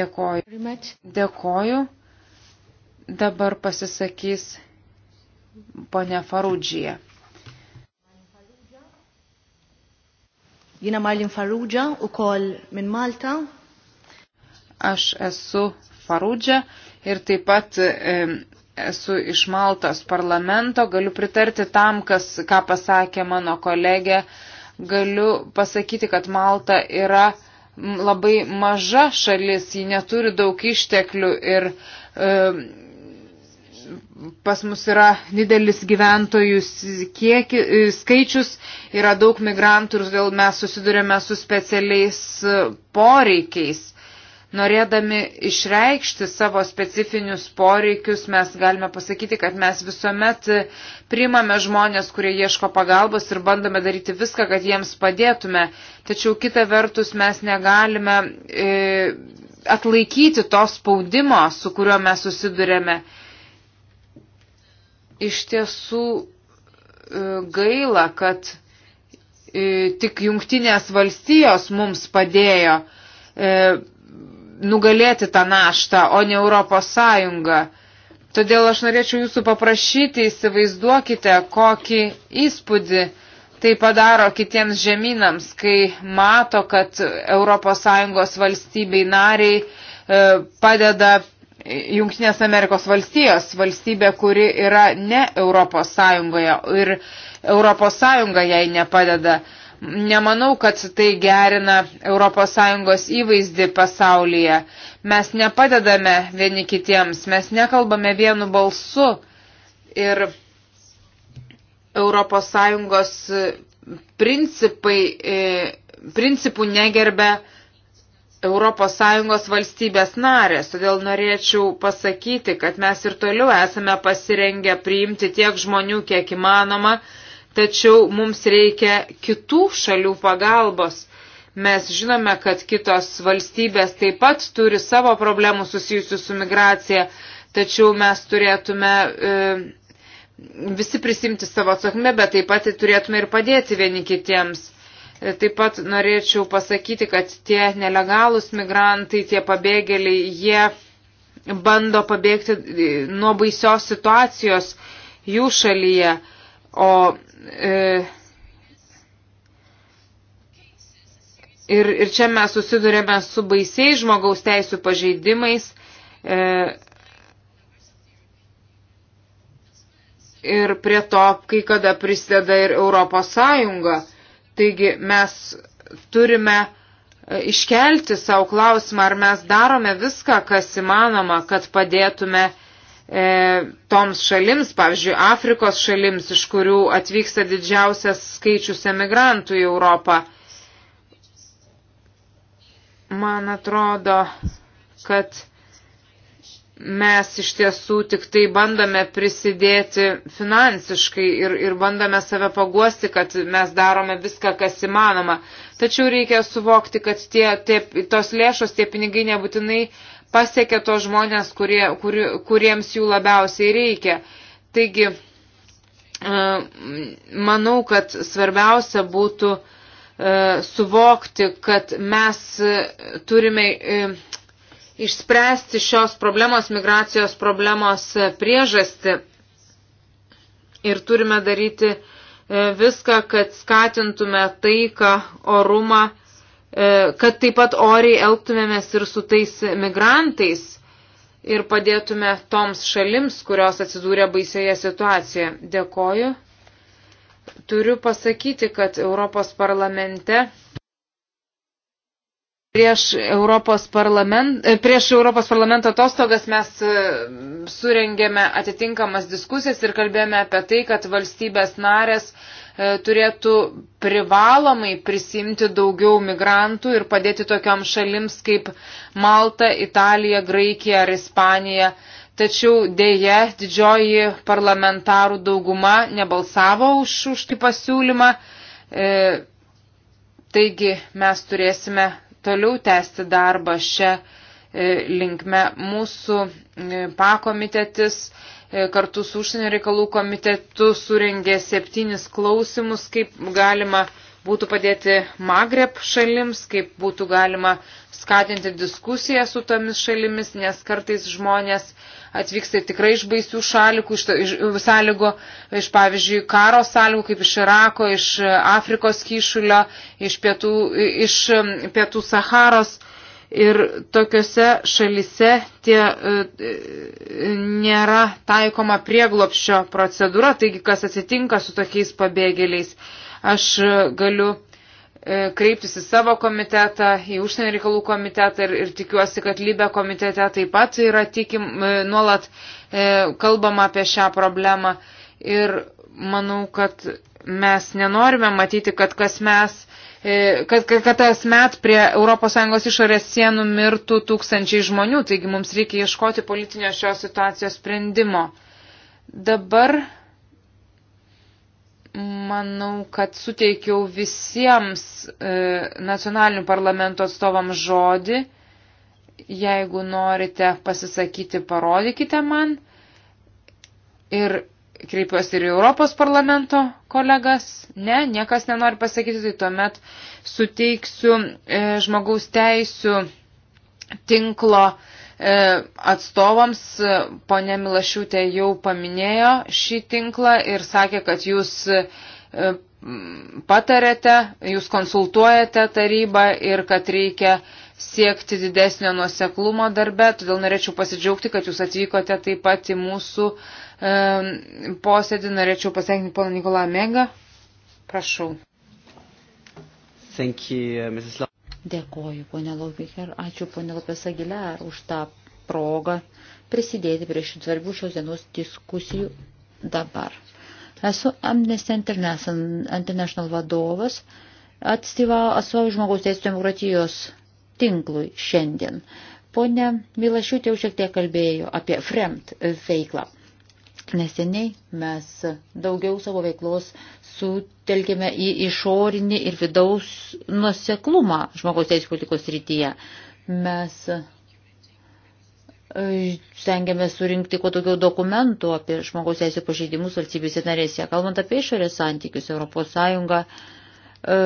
Dėkoju. Dėkoju. Dabar pasisakys ponia Farudžija. Jina Marlin Farudžia, ukol min Malta. Aš esu Farudžia ir taip pat e, esu iš Maltos parlamento. Galiu pritarti tam, kas, ką pasakė mano kolegė. Galiu pasakyti, kad Malta yra labai maža šalis, ji neturi daug išteklių ir e, pas mus yra didelis gyventojų kiekis, e, skaičius, yra daug migrantų ir todėl mes susidurėme su specialiais e, poreikiais. Norėdami išreikšti savo specifinius poreikius, mes galime pasakyti, kad mes visuomet e, primame žmonės, kurie ieško pagalbos ir bandome daryti viską, kad jiems padėtume. Tačiau kita vertus mes negalime e, atlaikyti to spaudimo, su kuriuo mes susidurėme. E, iš tiesų e, gaila, kad e, tik jungtinės valstijos mums padėjo e, nugalėti tą naštą, o ne Europos Sąjunga. Todėl aš norėčiau jūsų paprašyti, įsivaizduokite, kokį įspūdį tai padaro kitiems žemynams, kai mato, kad ES valstybei nariai padeda Junktinės Amerikos valstijos, valstybė, kuri yra ne Europos Sąjungoje ir Europos Sąjunga jai nepadeda. Nemanau, kad tai gerina Europos Sąjungos įvaizdį pasaulyje. Mes nepadedame vieni kitiems, mes nekalbame vienu balsu ir Europos Sąjungos principai, e, principų negerbė ES valstybės narės, todėl norėčiau pasakyti, kad mes ir toliau esame pasirengę priimti tiek žmonių, kiek įmanoma, tačiau mums reikia kitų šalių pagalbos. Mes žinome, kad kitos valstybės taip pat turi savo problemų susijusių su migracija, tačiau mes turėtume e, visi prisimti savo atsakomybę, bet taip pat turėtume ir padėti vieni kitiems. E, taip pat norėčiau pasakyti, kad tie nelegalūs migrantai, tie pabėgėliai, jie bando pabėgti e, nuo baisios situacijos jų šalyje. O e, ir, ir čia mes susidurėme su baisiais žmogaus teisų pažeidimais. E, ir prie to kai kada prisideda ir Europos Sąjunga. E, Taigi mes turime e, iškelti savo klausimą, ar mes darome viską, kas įmanoma, kad padėtume e, toms šalims, pavyzdžiui, Afrikos šalims, iš kurių atvyksta didžiausias skaičius emigrantų į Europą. Man atrodo, kad mes iš tiesų tik tai bandome prisidėti finansiškai ir, ir bandome save paguosti, kad mes darome viską, kas įmanoma. Tačiau reikia suvokti, kad tie, tie, tos lėšos, tie pinigai nebūtinai pasiekia tos žmonės, kurie, kur, kuriems jų labiausiai reikia. Taigi, e, manau, kad svarbiausia būtų e, suvokti, kad mes e, turime išspręsti šios problemos, migracijos problemos priežasti. Ir turime daryti e, viską, kad skatintume taiką, orumą, e, kad taip pat oriai elgtumėmės ir su tais migrantais ir padėtume toms šalims, kurios atsidūrė baisioje situacijoje. Dėkoju. Turiu pasakyti, kad Europos parlamente Prieš Europos, parlament, e, prieš Europos parlamento atostogas mes e, surengėme atitinkamas diskusijas ir kalbėjome apie tai, kad valstybės narės e, turėtų privalomai prisimti daugiau migrantų ir padėti tokiam šalims kaip Malta, Italija, Graikija ar Ispanija. Tačiau dėje didžioji parlamentarų dauguma nebalsavo už, už šį pasiūlymą. E, taigi mes turėsime toliau tęsti darbą šią e, linkme. Mūsų e, pakomitetis e, kartu su užsienio reikalų komitetu surengė septynis klausimus, kaip galima būtų padėti Magreb šalims, kaip būtų galima skatinti diskusiją su tomis šalimis, nes kartais žmonės atvyksta tikrai iš baisių šalikų, iš, iš, sąlygų, iš pavyzdžiui karo sąlygų, kaip iš Irako, iš Afrikos kyšulio, iš pietų, iš pietų Saharos. Ir tokiuose šalise tie e, e, nėra taikoma prieglopščio procedūra, taigi kas atsitinka su tokiais pabėgėliais. Aš e, galiu E, kreiptis į savo komitetą, į užsienio reikalų komitetą ir, ir tikiuosi, kad lybė komitete taip pat yra tikim, e, nuolat e, kalbama apie šią problemą. Ir manau, kad mes nenorime matyti, kad kas mes, e, kad, kad, kad tas met prie ES išorės sienų mirtų tūkstančiai žmonių, taigi mums reikia ieškoti politinio šios situacijos sprendimo. Dabar Manau, kad suteikiau visiems e, nacionalinių parlamento atstovams žodį. Jeigu norite pasisakyti, parodykite man. Ir kreipiuosi ir į Europos parlamento kolegas. Ne, niekas nenori pasakyti, tai tuomet suteiksiu e, žmogaus teisų tinklo e, E, atstovams. E, Pone Milašiūtė jau paminėjo šį tinklą ir sakė, kad jūs e, patarėte, jūs konsultuojate tarybą ir kad reikia siekti didesnio nuoseklumo darbe. Todėl norėčiau pasidžiaugti, kad jūs atvykote taip pat į mūsų e, posėdį. Norėčiau pasveikinti poną Nikolą Megą. Prašau. Thank you, Mrs. Dėkoju, ponė Lobiker, ačiū ponė Lopės Agiler už tą progą prisidėti prie šių svarbių šios dienos diskusijų dabar. Esu Amnesty International vadovas, atstovauju žmogaus teisų demokratijos tinklui šiandien. Pone Milašiūtė jau šiek tiek kalbėjo apie FREMT veiklą. Neseniai mes daugiau savo veiklos sutelkėme į išorinį ir vidaus nuseklumą žmogaus teisų politikos rytyje. Mes e, stengiamės surinkti kuo daugiau dokumentų apie žmogaus teisų pažeidimus valstybėse narėse. Kalbant apie išorės santykius, Europos Sąjunga e,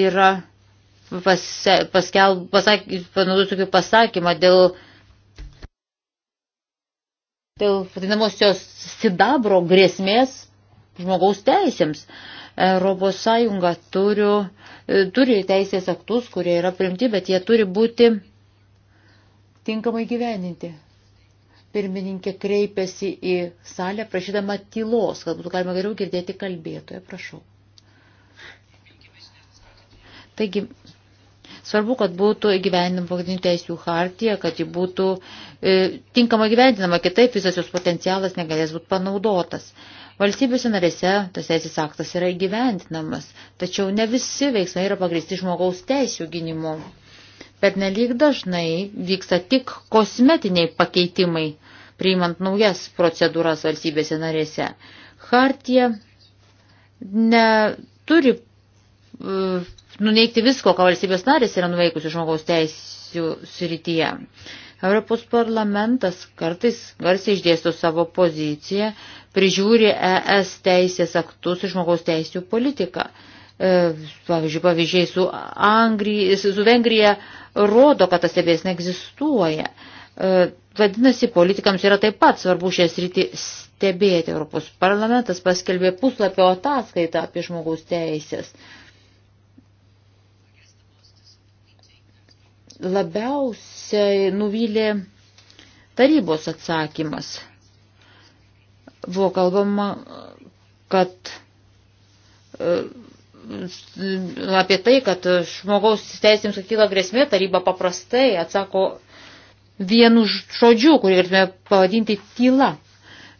yra paskelb, pasak, panaudosiu kaip pasakymą dėl dėl vadinamosios sidabro grėsmės žmogaus teisėms. Europos Sąjunga turi, e, turi teisės aktus, kurie yra primti, bet jie turi būti tinkamai gyveninti. Pirmininkė kreipėsi į salę prašydama tylos, kad būtų galima geriau girdėti kalbėtoje. Prašau. Taigi, Svarbu, kad būtų įgyvendinama pagrindinių teisų hartija, kad ji būtų e, tinkamai gyvendinama, kitaip visas jos potencialas negalės būti panaudotas. Valstybėse narėse tas teisės aktas yra įgyvendinamas, tačiau ne visi veiksmai yra pagristi žmogaus teisų gynimu. Per nelik dažnai vyksta tik kosmetiniai pakeitimai, priimant naujas procedūras valstybėse narėse. Hartija neturi e, nuneikti visko, ką valstybės narės yra nuveikusi žmogaus teisų srityje. Europos parlamentas kartais garsiai išdėsto savo poziciją, prižiūri ES teisės aktus ir žmogaus teisų politiką. E, pavyzdžiui, pavyzdžiai su, Angrija, su Vengrija rodo, kad tas stebės neegzistuoja. E, vadinasi, politikams yra taip pat svarbu šią sritį stebėti. Europos parlamentas paskelbė puslapio ataskaitą apie žmogaus teisės. labiausiai nuvylė tarybos atsakymas. Buvo kalbama, kad e, apie tai, kad žmogaus teisėms kyla grėsmė, taryba paprastai atsako vienu žodžiu, kurį galėtume pavadinti tyla.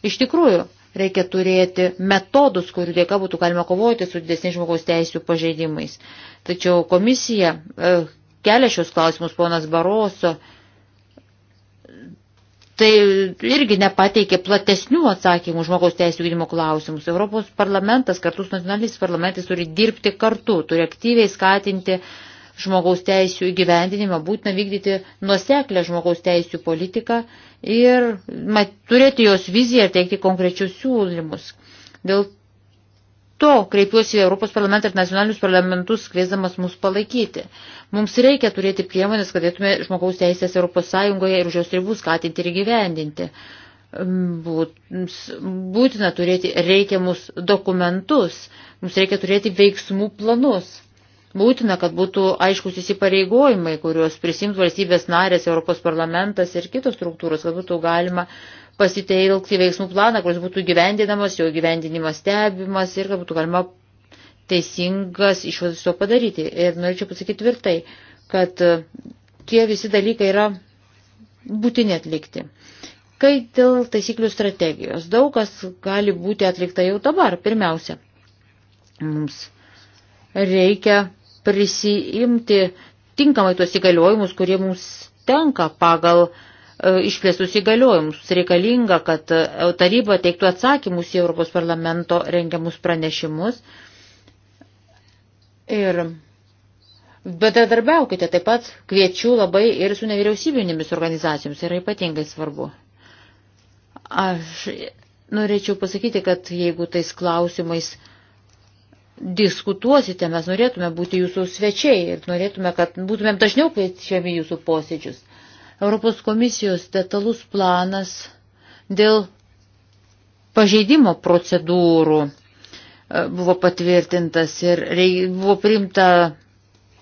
Iš tikrųjų, reikia turėti metodus, kurių dėka būtų galima kovoti su didesniais žmogaus teisų pažeidimais. Tačiau komisija e, kelia šios klausimus ponas Baroso, tai irgi nepateikė platesnių atsakymų žmogaus teisų gynimo klausimus. Europos parlamentas kartu su nacionaliniais parlamentais turi dirbti kartu, turi aktyviai skatinti žmogaus teisų įgyvendinimą, būtina vykdyti nuseklę žmogaus teisų politiką ir mat, turėti jos viziją ir teikti konkrečius siūlymus. Dėl to kreipiuosi į Europos parlamentą ir nacionalinius parlamentus, kviesdamas mus palaikyti. Mums reikia turėti priemonės, kad galėtume žmogaus teisės Europos Sąjungoje ir už jos ribų skatinti ir gyvendinti. Mm, būtina turėti reikiamus dokumentus, mums reikia turėti veiksmų planus. Būtina, kad būtų aiškus įsipareigojimai, kuriuos prisims valstybės narės, Europos parlamentas ir kitos struktūros, kad būtų galima uh, pasiteilgti veiksmų planą, kuris būtų gyvendinamas, jo gyvendinimas stebimas ir kad būtų galima teisingas išvadas to padaryti. Ir norėčiau pasakyti tvirtai, kad e, tie visi dalykai yra būtini atlikti. Kai dėl taisyklių strategijos, daug kas gali būti atlikta jau dabar. Pirmiausia, mums reikia prisijimti tinkamai tuos įgaliojimus, kurie mums tenka pagal uh, E, išplėstus įgaliojimus. Reikalinga, kad e, taryba teiktų atsakymus į Europos parlamento rengiamus pranešimus. Ir bedarbiaukite taip pat, kviečiu labai ir su nevyriausybinėmis organizacijomis, yra ypatingai svarbu. Aš norėčiau pasakyti, kad jeigu tais klausimais diskutuosite, mes norėtume būti jūsų svečiai ir norėtume, kad būtumėm dažniau kviečiami jūsų posėdžius. Europos komisijos detalus planas dėl pažeidimo procedūrų e, buvo patvirtintas ir buvo priimta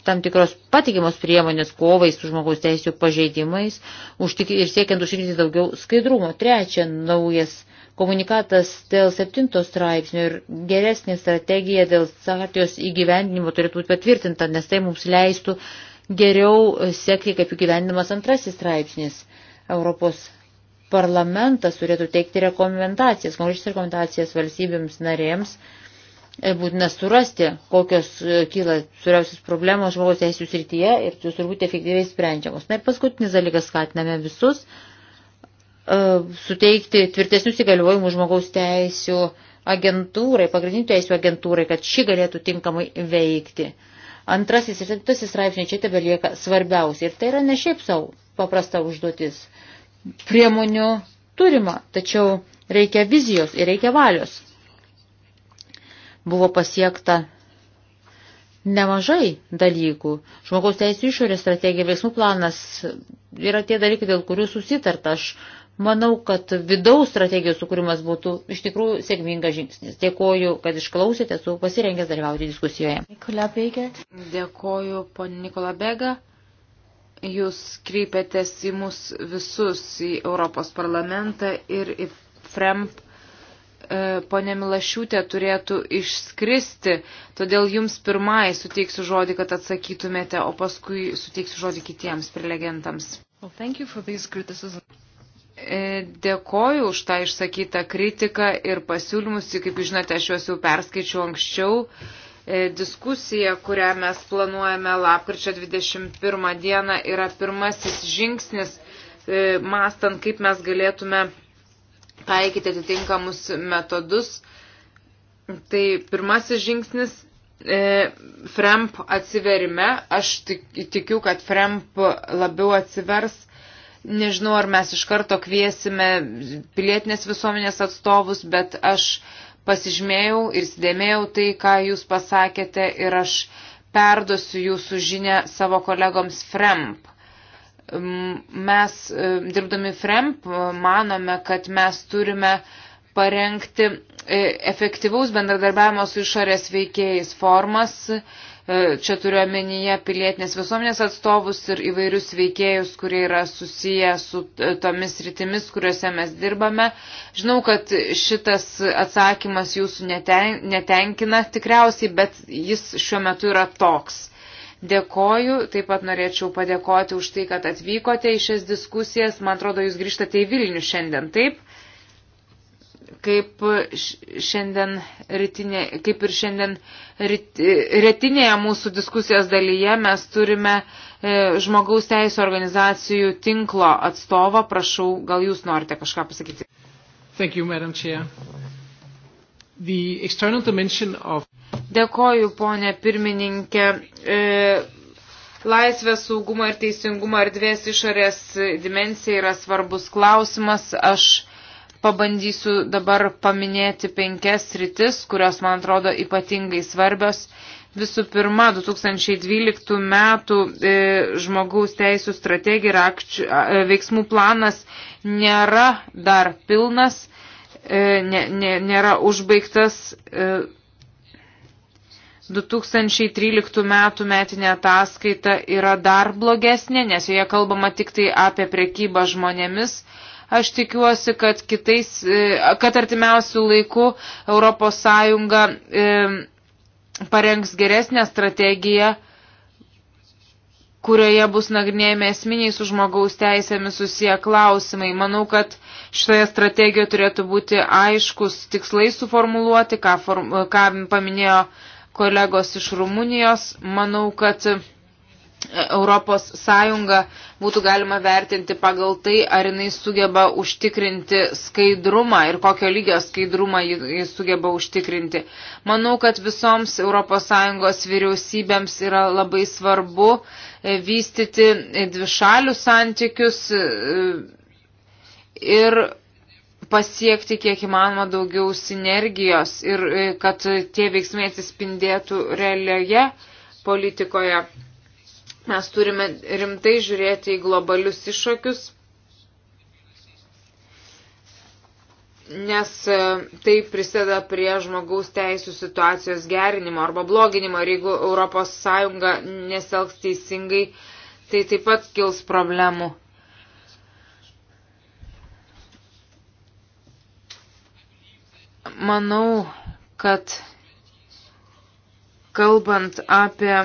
tam tikros patikimos priemonės kovai su žmogaus teisų pažeidimais ir siekiant užtikrinti daugiau skaidrumo. Trečia, naujas komunikatas dėl septinto straipsnio ir geresnė strategija dėl sartijos įgyvendinimo turėtų būti patvirtinta, nes tai mums leistų uh, geriau sekti, kaip įgyvendinamas antrasis straipsnis. Europos parlamentas turėtų teikti rekomendacijas, konkrečias rekomendacijas valstybėms narėms. E, būtina surasti, kokios e, kyla suriausios problemos žmogaus teisų srityje ir jūs turbūt efektyviai sprendžiamos. Na ir paskutinis dalykas skatiname visus e, suteikti tvirtesnius įgaliojimus žmogaus teisų agentūrai, pagrindinių teisų agentūrai, kad ši galėtų tinkamai veikti. Antrasis ir septintasis straipsniai čia tebelieka svarbiausia. Ir tai yra ne šiaip savo paprasta užduotis. Priemonių turima, tačiau reikia vizijos ir reikia valios. Buvo pasiekta nemažai dalykų. Žmogaus teisų išorės strategija, veiksmų planas yra tie dalykai, dėl kurių susitarta. Aš Manau, kad vidaus strategijos sukūrimas būtų iš tikrųjų sėkmingas žingsnis. Dėkoju, kad išklausėte, esu pasirengęs dalyvauti diskusijoje. Nikola Bega. Dėkoju, pon Nikola Bega. Jūs kreipėtės į mus visus, į Europos parlamentą ir į FREMP e, ponė Milašiūtė turėtų išskristi, todėl jums pirmai suteiksiu žodį, kad atsakytumėte, o paskui suteiksiu žodį kitiems prelegentams. Well, E, dėkoju už tą išsakytą kritiką ir pasiūlymus, kaip žinote, aš juos jau perskaičiau anksčiau. E, diskusija, kurią mes planuojame lapkričio 21 dieną, yra pirmasis žingsnis, e, mastant, kaip mes galėtume taikyti atitinkamus metodus. Tai pirmasis žingsnis FREMP atsiverime. Aš tikiu, kad FREMP labiau atsivers Nežinau, ar mes iš karto kviesime pilietinės visuomenės atstovus, bet aš pasižymėjau ir įsidėmėjau tai, ką jūs pasakėte ir aš perduosiu jūsų žinę savo kolegoms FREMP. Mes, e, dirbdami FREMP, e, manome, kad mes turime parengti e, efektyvaus bendradarbiavimo su išorės veikėjais formas, E, čia turiu omenyje pilietinės visuomenės atstovus ir įvairius veikėjus, kurie yra susiję su e, tomis rytimis, kuriuose mes dirbame. Žinau, kad šitas atsakymas jūsų netenkina tikriausiai, bet jis šiuo metu yra toks. Dėkoju, taip pat norėčiau padėkoti už tai, kad atvykote į šias diskusijas. Man atrodo, jūs grįžtate į Vilnių šiandien, taip? kaip, šiandien rytinė, kaip ir šiandien ryt, rytinėje mūsų diskusijos dalyje mes turime e, žmogaus teisų organizacijų tinklo atstovą. Prašau, gal jūs norite kažką pasakyti. Thank you, Madam Chair. The external dimension of... Dėkoju, ponė pirmininkė. E, Laisvės saugumo ir teisingumo erdvės išorės dimensija yra svarbus klausimas. Aš Pabandysiu dabar paminėti penkias rytis, kurios man atrodo ypatingai svarbios. Visų pirma, 2012 metų e, žmogaus teisų strategija ir akčių, e, veiksmų planas nėra dar pilnas, e, nė, nė, nėra užbaigtas. E, 2013 metų metinė ataskaita yra dar blogesnė, nes joje kalbama tik tai apie prekybą žmonėmis, Aš tikiuosi, kad, kitais, e, kad artimiausių laikų ES e, parengs geresnę strategiją, kurioje bus nagrinėjami esminiai su žmogaus teisėmis susiję klausimai. Manau, kad šitoje strategijoje turėtų būti aiškus tikslai suformuluoti, ką, form, ką paminėjo kolegos iš Rumunijos. Manau, kad Europos Sąjungą būtų galima vertinti pagal tai, ar jinai sugeba užtikrinti skaidrumą ir kokio lygio skaidrumą jis sugeba užtikrinti. Manau, kad visoms Europos Sąjungos vyriausybėms yra labai svarbu e, vystyti dvišalių santykius e, ir pasiekti kiek įmanoma daugiau sinergijos ir e, kad tie veiksmai atsispindėtų realioje politikoje. Mes turime rimtai žiūrėti į globalius iššūkius, nes e, tai prisideda prie žmogaus teisų situacijos gerinimo arba bloginimo. Ir jeigu ES neselgs teisingai, tai taip pat kils problemų. Manau, kad kalbant apie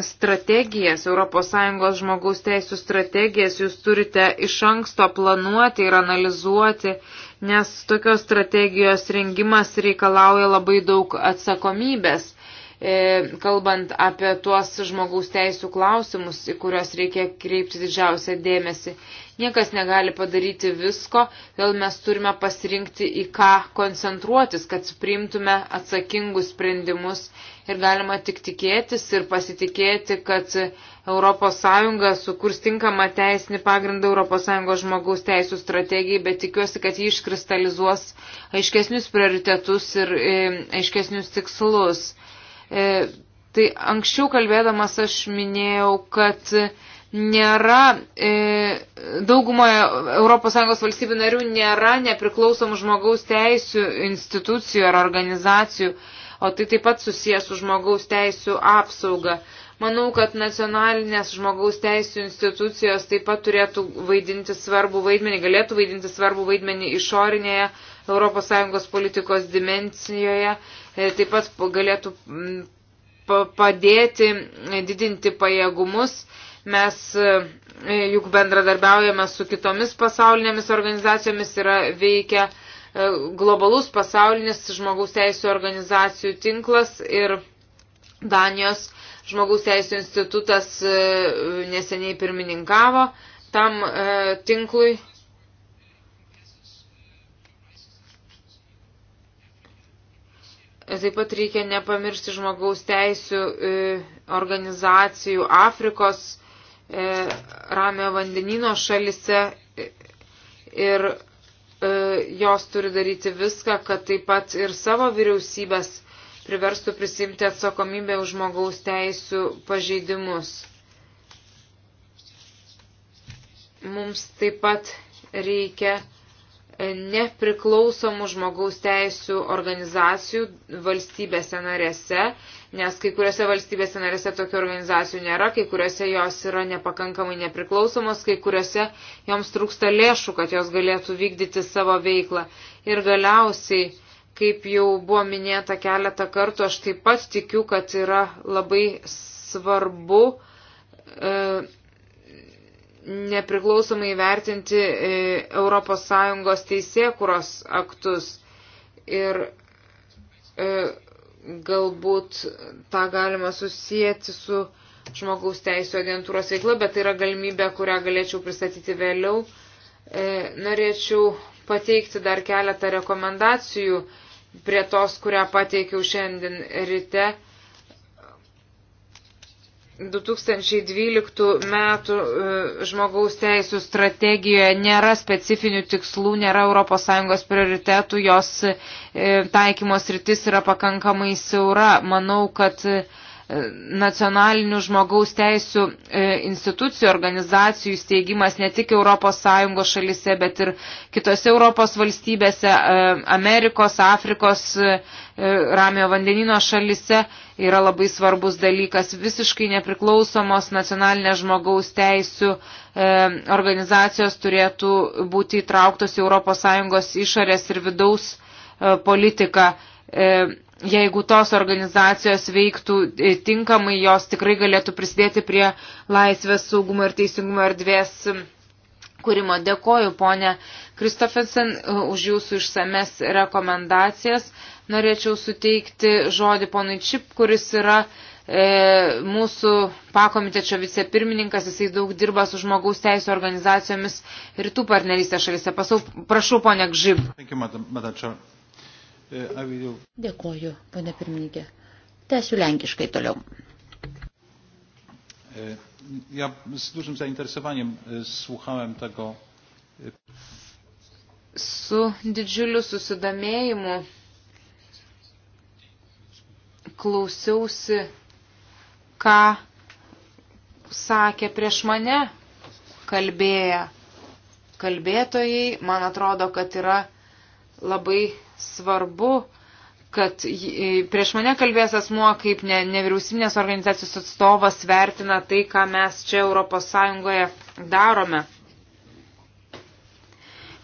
strategijas, ES žmogaus teisų strategijas jūs turite iš anksto planuoti ir analizuoti, nes tokios strategijos rengimas reikalauja labai daug atsakomybės. E, kalbant apie tuos žmogaus teisų klausimus, į kuriuos reikia kreipti didžiausią dėmesį. Niekas negali padaryti visko, vėl mes turime pasirinkti, į ką koncentruotis, kad priimtume atsakingus sprendimus ir galima tik tikėtis ir pasitikėti, kad ES sukurs tinkamą teisinį pagrindą ES žmogaus teisų strategijai, bet tikiuosi, kad jį iškristalizuos aiškesnius prioritetus ir e, aiškesnius tikslus. E, tai anksčiau kalbėdamas aš minėjau, kad nėra, e, daugumoje ES valstybių narių nėra nepriklausomų žmogaus teisų institucijų ar organizacijų, o tai taip pat susijęs su žmogaus teisų apsauga. Manau, kad nacionalinės žmogaus teisų institucijos taip pat turėtų vaidinti svarbų vaidmenį, galėtų vaidinti svarbų vaidmenį išorinėje ES politikos dimencijoje, e, taip pat galėtų padėti e, didinti pajėgumus. Mes e, juk bendradarbiaujame su kitomis pasaulinėmis organizacijomis, yra veikia globalus pasaulinis žmogaus teisų organizacijų tinklas ir Danijos žmogaus teisų institutas neseniai pirmininkavo tam tinklui Taip pat reikia nepamiršti žmogaus teisų e, organizacijų Afrikos, e, ramio vandenino šalise e, ir jos turi daryti viską, kad taip pat ir savo vyriausybės priverstų prisimti atsakomybę už žmogaus teisų pažeidimus. Mums taip pat reikia nepriklausomų žmogaus teisų organizacijų valstybėse narėse, nes kai kuriuose valstybėse narėse tokių organizacijų nėra, kai kuriuose jos yra nepakankamai nepriklausomos, kai kuriuose joms trūksta lėšų, kad jos galėtų vykdyti savo veiklą. Ir galiausiai, kaip jau buvo minėta keletą kartų, aš taip pat tikiu, kad yra labai svarbu. E, nepriklausomai vertinti ES teisėkuros aktus. Ir e, galbūt tą galima susijęti su žmogaus teisų agentūros veikla, bet tai yra galimybė, kurią galėčiau pristatyti vėliau. E, norėčiau pateikti dar keletą rekomendacijų prie tos, kurią pateikiau šiandien ryte. 2012 metų e, žmogaus teisų strategijoje nėra specifinių tikslų, nėra ES prioritetų, jos e, taikymos rytis yra pakankamai siaura. Manau, kad E, nacionalinių žmogaus teisų e, institucijų, organizacijų steigimas ne tik ES šalise, bet ir kitose Europos valstybėse, e, Amerikos, Afrikos, Ramio vandenino šalise yra labai svarbus dalykas. Visiškai nepriklausomos nacionalinės žmogaus teisų organizacijos turėtų būti įtrauktos į ES išorės ir vidaus politiką jeigu tos organizacijos veiktų e, tinkamai, jos tikrai galėtų prisidėti prie laisvės saugumo ir teisingumo erdvės kūrimo. Dėkoju, ponė Kristofensen, e, už jūsų išsames rekomendacijas. Norėčiau suteikti žodį ponui Čip, kuris yra e, mūsų pakomitečio vicepirmininkas, jisai daug dirba su žmogaus teisų organizacijomis rytų partnerystės šalyse. Pasau, prašau, ponė Gžib. Thank you, madam, madam, E, Dėkoju, ponė pirmininkė. Tęsiu lenkiškai toliau. E, ja z dużym zainteresowaniem e, słuchałem tego. Su didžiuliu susidomėjimu klausiausi, ką sakė prieš mane kalbėję kalbėtojai. Man atrodo, kad yra labai svarbu, kad e, prieš mane kalbės asmuo kaip ne, nevyriausybinės organizacijos atstovas vertina tai, ką mes čia Europos Sąjungoje darome.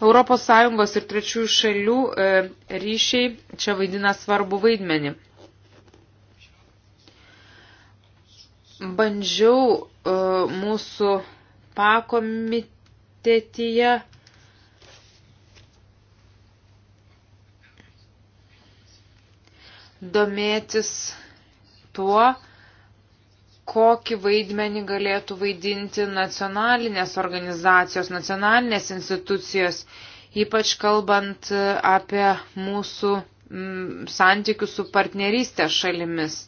Europos Sąjungos ir trečiųjų šalių e, ryšiai čia vaidina svarbu vaidmenį. Bandžiau e, mūsų pakomitetyje domėtis tuo, kokį vaidmenį galėtų vaidinti nacionalinės organizacijos, nacionalinės institucijos, ypač kalbant apie mūsų mm, santykių su partnerystės šalimis.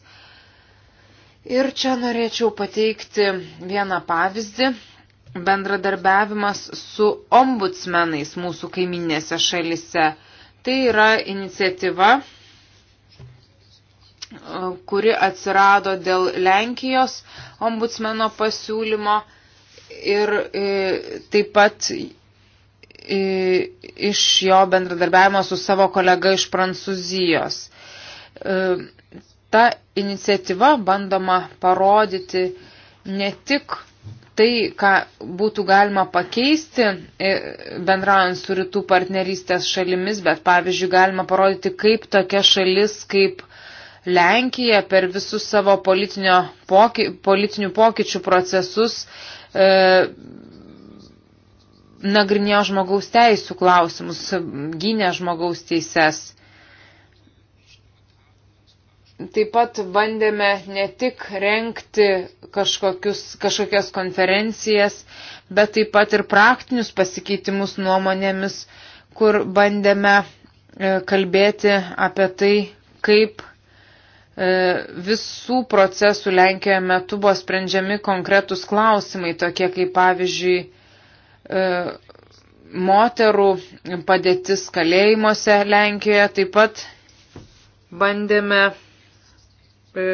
Ir čia norėčiau pateikti vieną pavyzdį - bendradarbiavimas su ombudsmenais mūsų kaiminėse šalise. Tai yra iniciatyva, kuri atsirado dėl Lenkijos ombudsmeno pasiūlymo ir e, taip pat e, iš jo bendradarbiavimo su savo kolega iš Prancūzijos. E, ta iniciatyva bandoma parodyti ne tik tai, ką būtų galima pakeisti bendraujant su rytų partnerystės šalimis, bet pavyzdžiui galima parodyti, kaip tokia šalis kaip Lenkija per visus savo poky, politinių pokyčių procesus e, nagrinėjo žmogaus teisų klausimus, gynė žmogaus teises. Taip pat bandėme ne tik renkti kažkokias konferencijas, bet taip pat ir praktinius pasikeitimus nuomonėmis, kur bandėme e, kalbėti apie tai, kaip E, visų procesų Lenkijoje metu buvo sprendžiami konkretus klausimai, tokie kaip pavyzdžiui e, moterų padėtis kalėjimuose Lenkijoje. Taip pat bandėme e,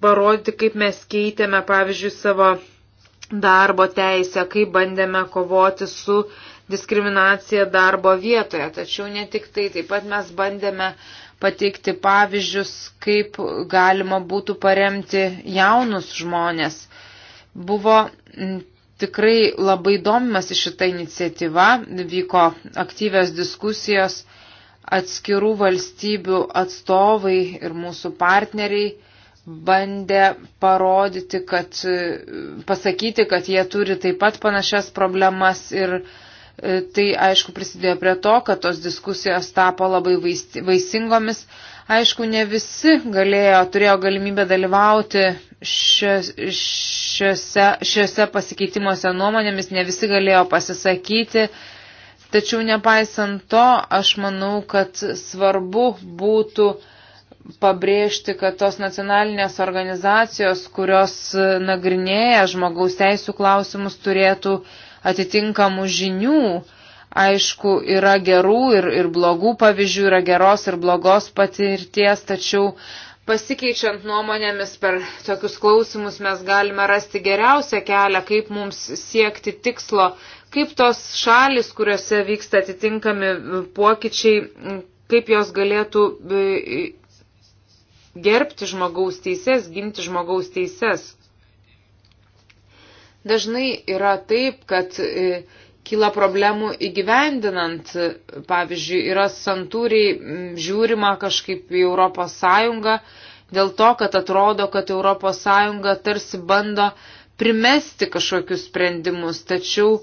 parodyti, kaip mes keitėme, pavyzdžiui, savo darbo teisę, kaip bandėme kovoti su diskriminacija darbo vietoje. Tačiau ne tik tai, taip pat mes bandėme pateikti pavyzdžius, kaip galima būtų paremti jaunus žmonės. Buvo tikrai labai domimas šitą iniciatyvą, vyko aktyvios diskusijos, atskirų valstybių atstovai ir mūsų partneriai bandė parodyti, kad pasakyti, kad jie turi taip pat panašias problemas ir uh, E, tai aišku prisidėjo prie to, kad tos diskusijos tapo labai vaisingomis. Aišku, ne visi galėjo, turėjo galimybę dalyvauti šiuose, šiuose pasikeitimuose nuomonėmis, ne visi galėjo pasisakyti. Tačiau nepaisant to, aš manau, kad svarbu būtų pabrėžti, kad tos nacionalinės organizacijos, kurios nagrinėja žmogaus teisų klausimus, turėtų uh, atitinkamų žinių. Aišku, yra gerų ir, ir blogų pavyzdžių, yra geros ir blogos patirties, tačiau pasikeičiant nuomonėmis per tokius klausimus mes galime rasti geriausią kelią, kaip mums siekti tikslo, kaip tos šalis, kuriuose vyksta atitinkami pokyčiai, kaip jos galėtų e, gerbti žmogaus teises, ginti žmogaus teises. Dažnai yra taip, kad e, kyla problemų įgyvendinant, e, pavyzdžiui, yra santūriai žiūrima kažkaip į Europos Sąjungą, dėl to, kad atrodo, kad Europos Sąjunga tarsi bando primesti kažkokius sprendimus, tačiau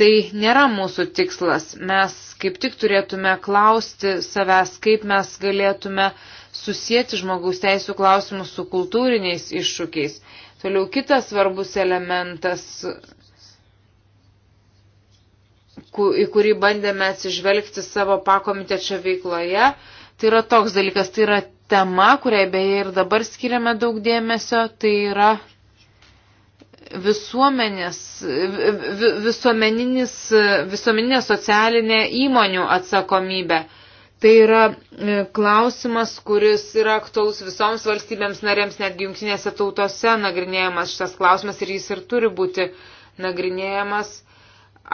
Tai nėra mūsų tikslas. Mes kaip tik turėtume klausti savęs, kaip mes galėtume susijęti žmogaus teisų klausimus su kultūriniais iššūkiais. Toliau kitas svarbus elementas, į kurį bandėme atsižvelgti savo pakomitečio veikloje, tai yra toks dalykas, tai yra tema, kuriai beje ir dabar skiriame daug dėmesio, tai yra visuomenės, visuomeninis, visuomeninė socialinė įmonių atsakomybė. Tai yra e, klausimas, kuris yra aktuolus visoms valstybėms narėms, netgi jungtinėse tautose nagrinėjamas šitas klausimas ir jis ir turi būti nagrinėjamas.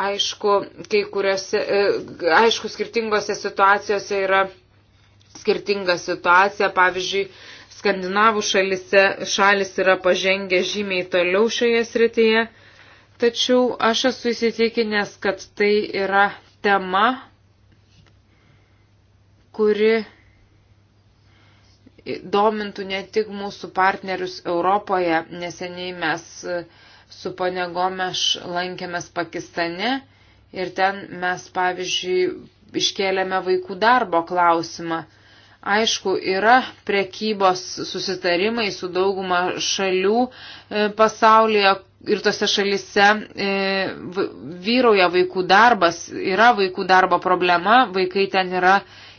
Aišku, kai kuriuose, e, aišku, skirtingose situacijose yra skirtinga situacija. Pavyzdžiui, Skandinavų šalise, šalis yra pažengę žymiai toliau šioje srityje, tačiau aš esu įsitikinęs, kad tai yra tema, kuri domintų ne tik mūsų partnerius Europoje. Neseniai mes su pane Gomeš lankėmės Pakistane ir ten mes, pavyzdžiui, iškėlėme vaikų darbo klausimą. Aišku, yra prekybos susitarimai su dauguma šalių e, pasaulyje ir tose šalise e, vyrauja vaikų darbas, yra vaikų darbo problema, vaikai ten yra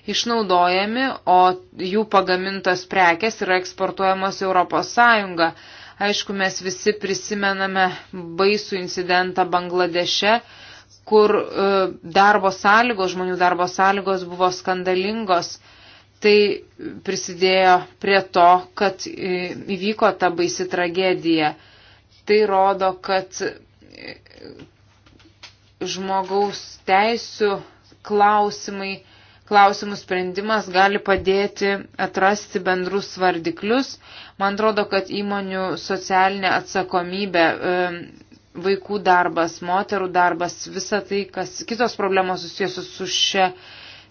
išnaudojami, o jų pagamintos prekes yra eksportuojamos Europos Sąjunga. Aišku, mes visi prisimename baisų incidentą Bangladeše, kur e, darbo sąlygos, žmonių darbo sąlygos buvo skandalingos. Tai prisidėjo prie to, kad e, įvyko ta baisi tragedija. Tai rodo, kad e, žmogaus teisų klausimai klausimų sprendimas gali padėti atrasti bendrus vardiklius. Man atrodo, kad įmonių socialinė atsakomybė, e, vaikų darbas, moterų darbas, visa tai, kas kitos problemos susijusios su šia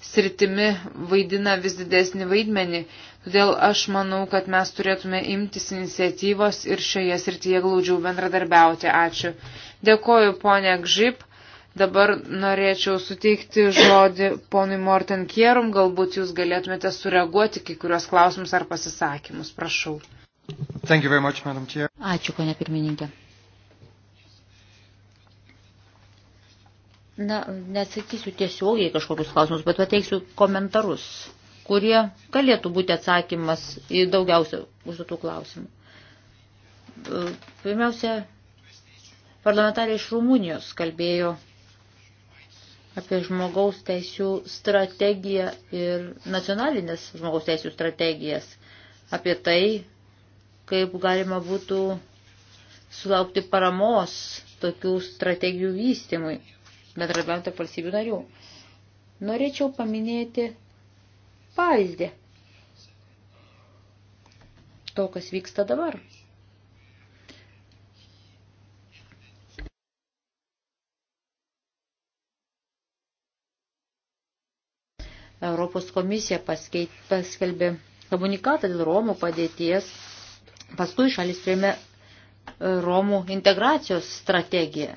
sritimi vaidina vis didesnį vaidmenį. Todėl aš manau, kad mes turėtume imtis iniciatyvos ir šioje srityje glaudžiau bendradarbiauti. Ačiū. Dėkoju, ponė Gžip. Dabar norėčiau suteikti žodį ponui Morten Kierum, galbūt jūs galėtumėte sureaguoti kai kurios klausimus ar pasisakymus. Prašau. Much, Ačiū, ponia pirmininkė. Na, nesakysiu tiesiogiai kažkokius klausimus, bet pateiksiu komentarus, kurie galėtų būti atsakymas į daugiausia užduotų klausimų. Pirmiausia, parlamentarė iš Rumunijos kalbėjo apie žmogaus teisų strategiją ir nacionalinės žmogaus teisų strategijas, apie tai, kaip galima būtų sulaukti paramos tokių strategijų vystymui, bendradarbiaujant tarp valstybių narių. Norėčiau paminėti pavyzdį to, kas vyksta dabar. Europos komisija paskeit, paskelbė komunikatą dėl Romų padėties, paskui šalis priėmė e, Romų integracijos strategiją.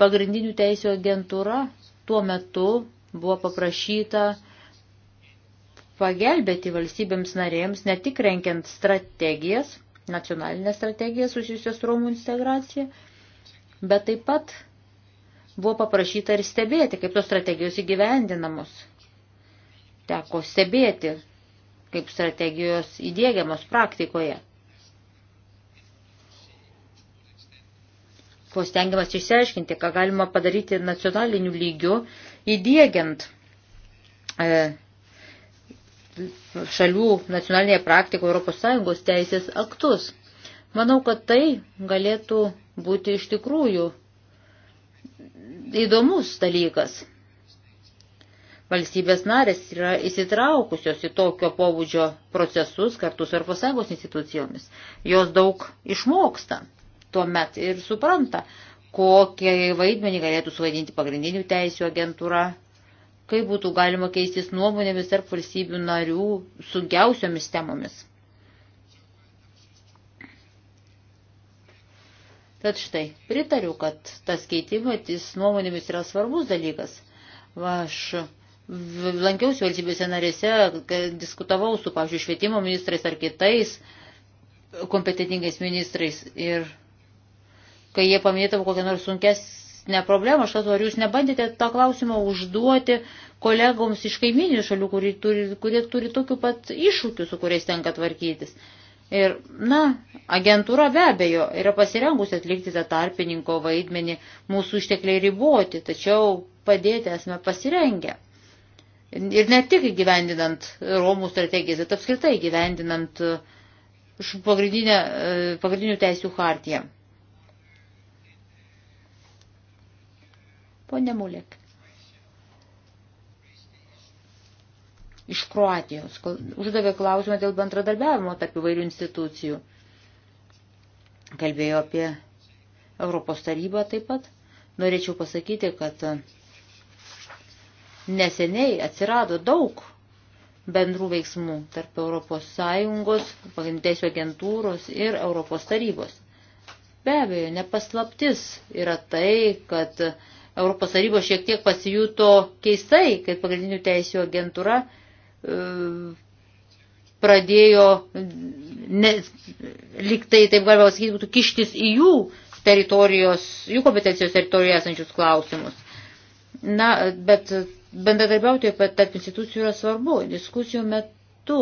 Pagrindinių teisų agentūra tuo metu buvo paprašyta pagelbėti valstybėms narėms ne tik renkiant strategijas, nacionalinę strategiją susijusios Romų integracija, bet taip pat buvo paprašyta ir stebėti, kaip tos strategijos įgyvendinamos teko stebėti, kaip strategijos įdėgiamos praktikoje. Kuo stengiamas išsiaiškinti, ką galima padaryti nacionaliniu lygiu, įdėgiant e, šalių nacionalinėje praktikoje ES teisės aktus. Manau, kad tai galėtų būti iš tikrųjų įdomus dalykas. Valstybės narės yra įsitraukusios į tokio pobūdžio procesus kartu su Europos Sąjungos institucijomis. Jos daug išmoksta tuomet ir supranta, kokie vaidmenį galėtų suvaidinti pagrindinių teisų agentūra, kaip būtų galima keistis nuomonėmis tarp valstybių narių sunkiausiomis temomis. Tad štai, pritariu, kad tas keitimatis nuomonėmis yra svarbus dalykas. Va, aš lankiausi valstybėse narėse, diskutavau su, pavyzdžiui, švietimo ministrais ar kitais kompetentingais ministrais ir kai jie paminėtavo kokią nors sunkesnę problemą, aš klausau, ar jūs nebandėte tą klausimą užduoti kolegoms iš kaiminių šalių, kurie turi, kurie turi tokių pat iššūkių, su kuriais tenka tvarkytis. Ir, na, agentūra be abejo yra pasirengusi atlikti tą tarpininko vaidmenį, mūsų ištekliai riboti, tačiau padėti esame pasirengę. Ir ne tik gyvendinant Romų strategijas, bet apskritai gyvendinant e, e, pagrindinių teisių hartiją. Pone Mulek. Iš Kroatijos. Uždavė klausimą dėl bendradarbiavimo tarp įvairių institucijų. Kalbėjo apie Europos tarybą taip pat. Norėčiau pasakyti, kad Neseniai atsirado daug bendrų veiksmų tarp ES, pagrindėsio agentūros ir Europos tarybos. Be abejo, nepaslaptis yra tai, kad Europos tarybos šiek tiek pasijuto keistai, kad pagrindinių teisų agentūra e, pradėjo, ne, liktai, taip galima sakyti, būtų kištis į jų teritorijos, jų kompetencijos teritorijoje esančius klausimus. Na, bet Bendradarbiauti tarp institucijų yra svarbu. Diskusijų metu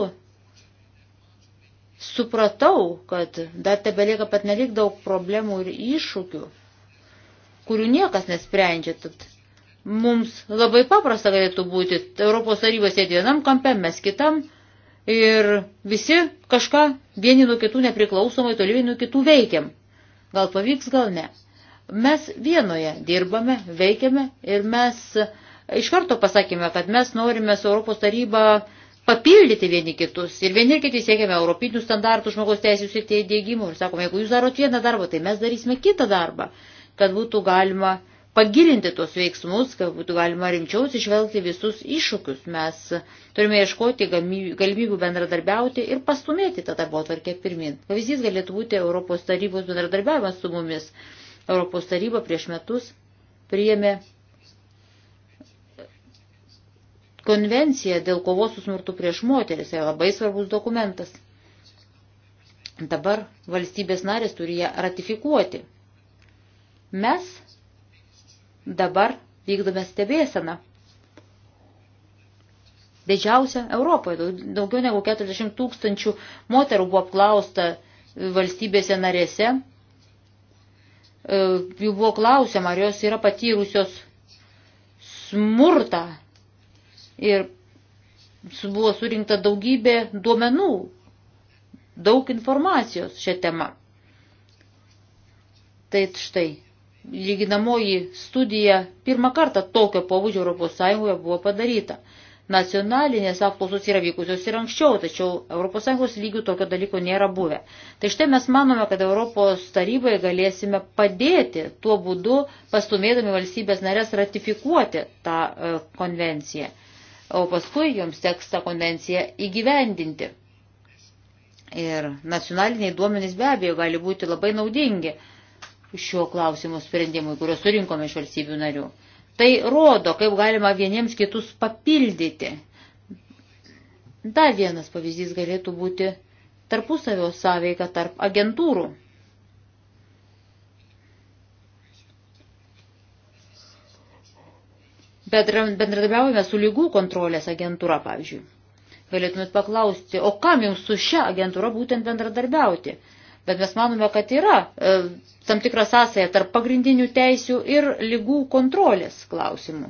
supratau, kad dar tebelieka pat nelik daug problemų ir iššūkių, kurių niekas nesprendžia. Tad mums labai paprasta galėtų būti. Europos taryba sėdi vienam kampe, mes kitam ir visi kažką vieni nuo kitų nepriklausomai toliau nuo kitų veikiam. Gal pavyks, gal ne. Mes vienoje dirbame, veikiame ir mes uh, iš karto pasakėme, kad mes norime su Europos taryba papildyti vieni kitus. Ir vieni ir kiti siekiame europinių standartų žmogaus teisų ir tie įdėgymų. Ir sakome, jeigu jūs darot vieną darbą, tai mes darysime kitą darbą, kad būtų galima pagilinti tos veiksmus, kad būtų galima rimčiau išvelgti visus iššūkius. Mes turime ieškoti galimybių bendradarbiauti ir pastumėti tą darbo tvarkę pirmin. Pavyzdys galėtų būti Europos tarybos bendradarbiavimas su mumis. Europos taryba prieš metus priėmė Konvencija dėl kovos su smurtu prieš moteris yra labai svarbus dokumentas. Dabar valstybės narės turi ją ratifikuoti. Mes dabar vykdome stebėseną. Didžiausia Europoje, daugiau negu 40 tūkstančių moterų buvo apklausta valstybėse narėse. E, jų buvo klausiama, ar jos yra patyrusios smurtą ir buvo surinkta daugybė duomenų, daug informacijos šią temą. Tai štai, lyginamoji studija pirmą kartą tokio pobūdžio Europos Sąjungoje buvo padaryta. Nacionalinės apklausos yra vykusios ir anksčiau, tačiau ES lygių tokio dalyko nėra buvę. Tai štai mes manome, kad Europos tarybai galėsime padėti tuo būdu, pastumėdami valstybės narės ratifikuoti tą e, konvenciją o paskui joms teks tą konvenciją įgyvendinti. Ir nacionaliniai duomenys be abejo gali būti labai naudingi šiuo klausimu sprendimui, kuriuos surinkome iš valstybių narių. Tai rodo, kaip galima vieniems kitus papildyti. Dar vienas pavyzdys galėtų būti tarpusavio sąveika tarp agentūrų. bendradarbiavome su lygų kontrolės agentūra, pavyzdžiui. Galėtumėt paklausti, o kam jums su šia agentūra būtent bendradarbiauti? Bet mes manome, kad yra e, tam tikra sąsaja tarp pagrindinių teisių ir lygų kontrolės klausimų.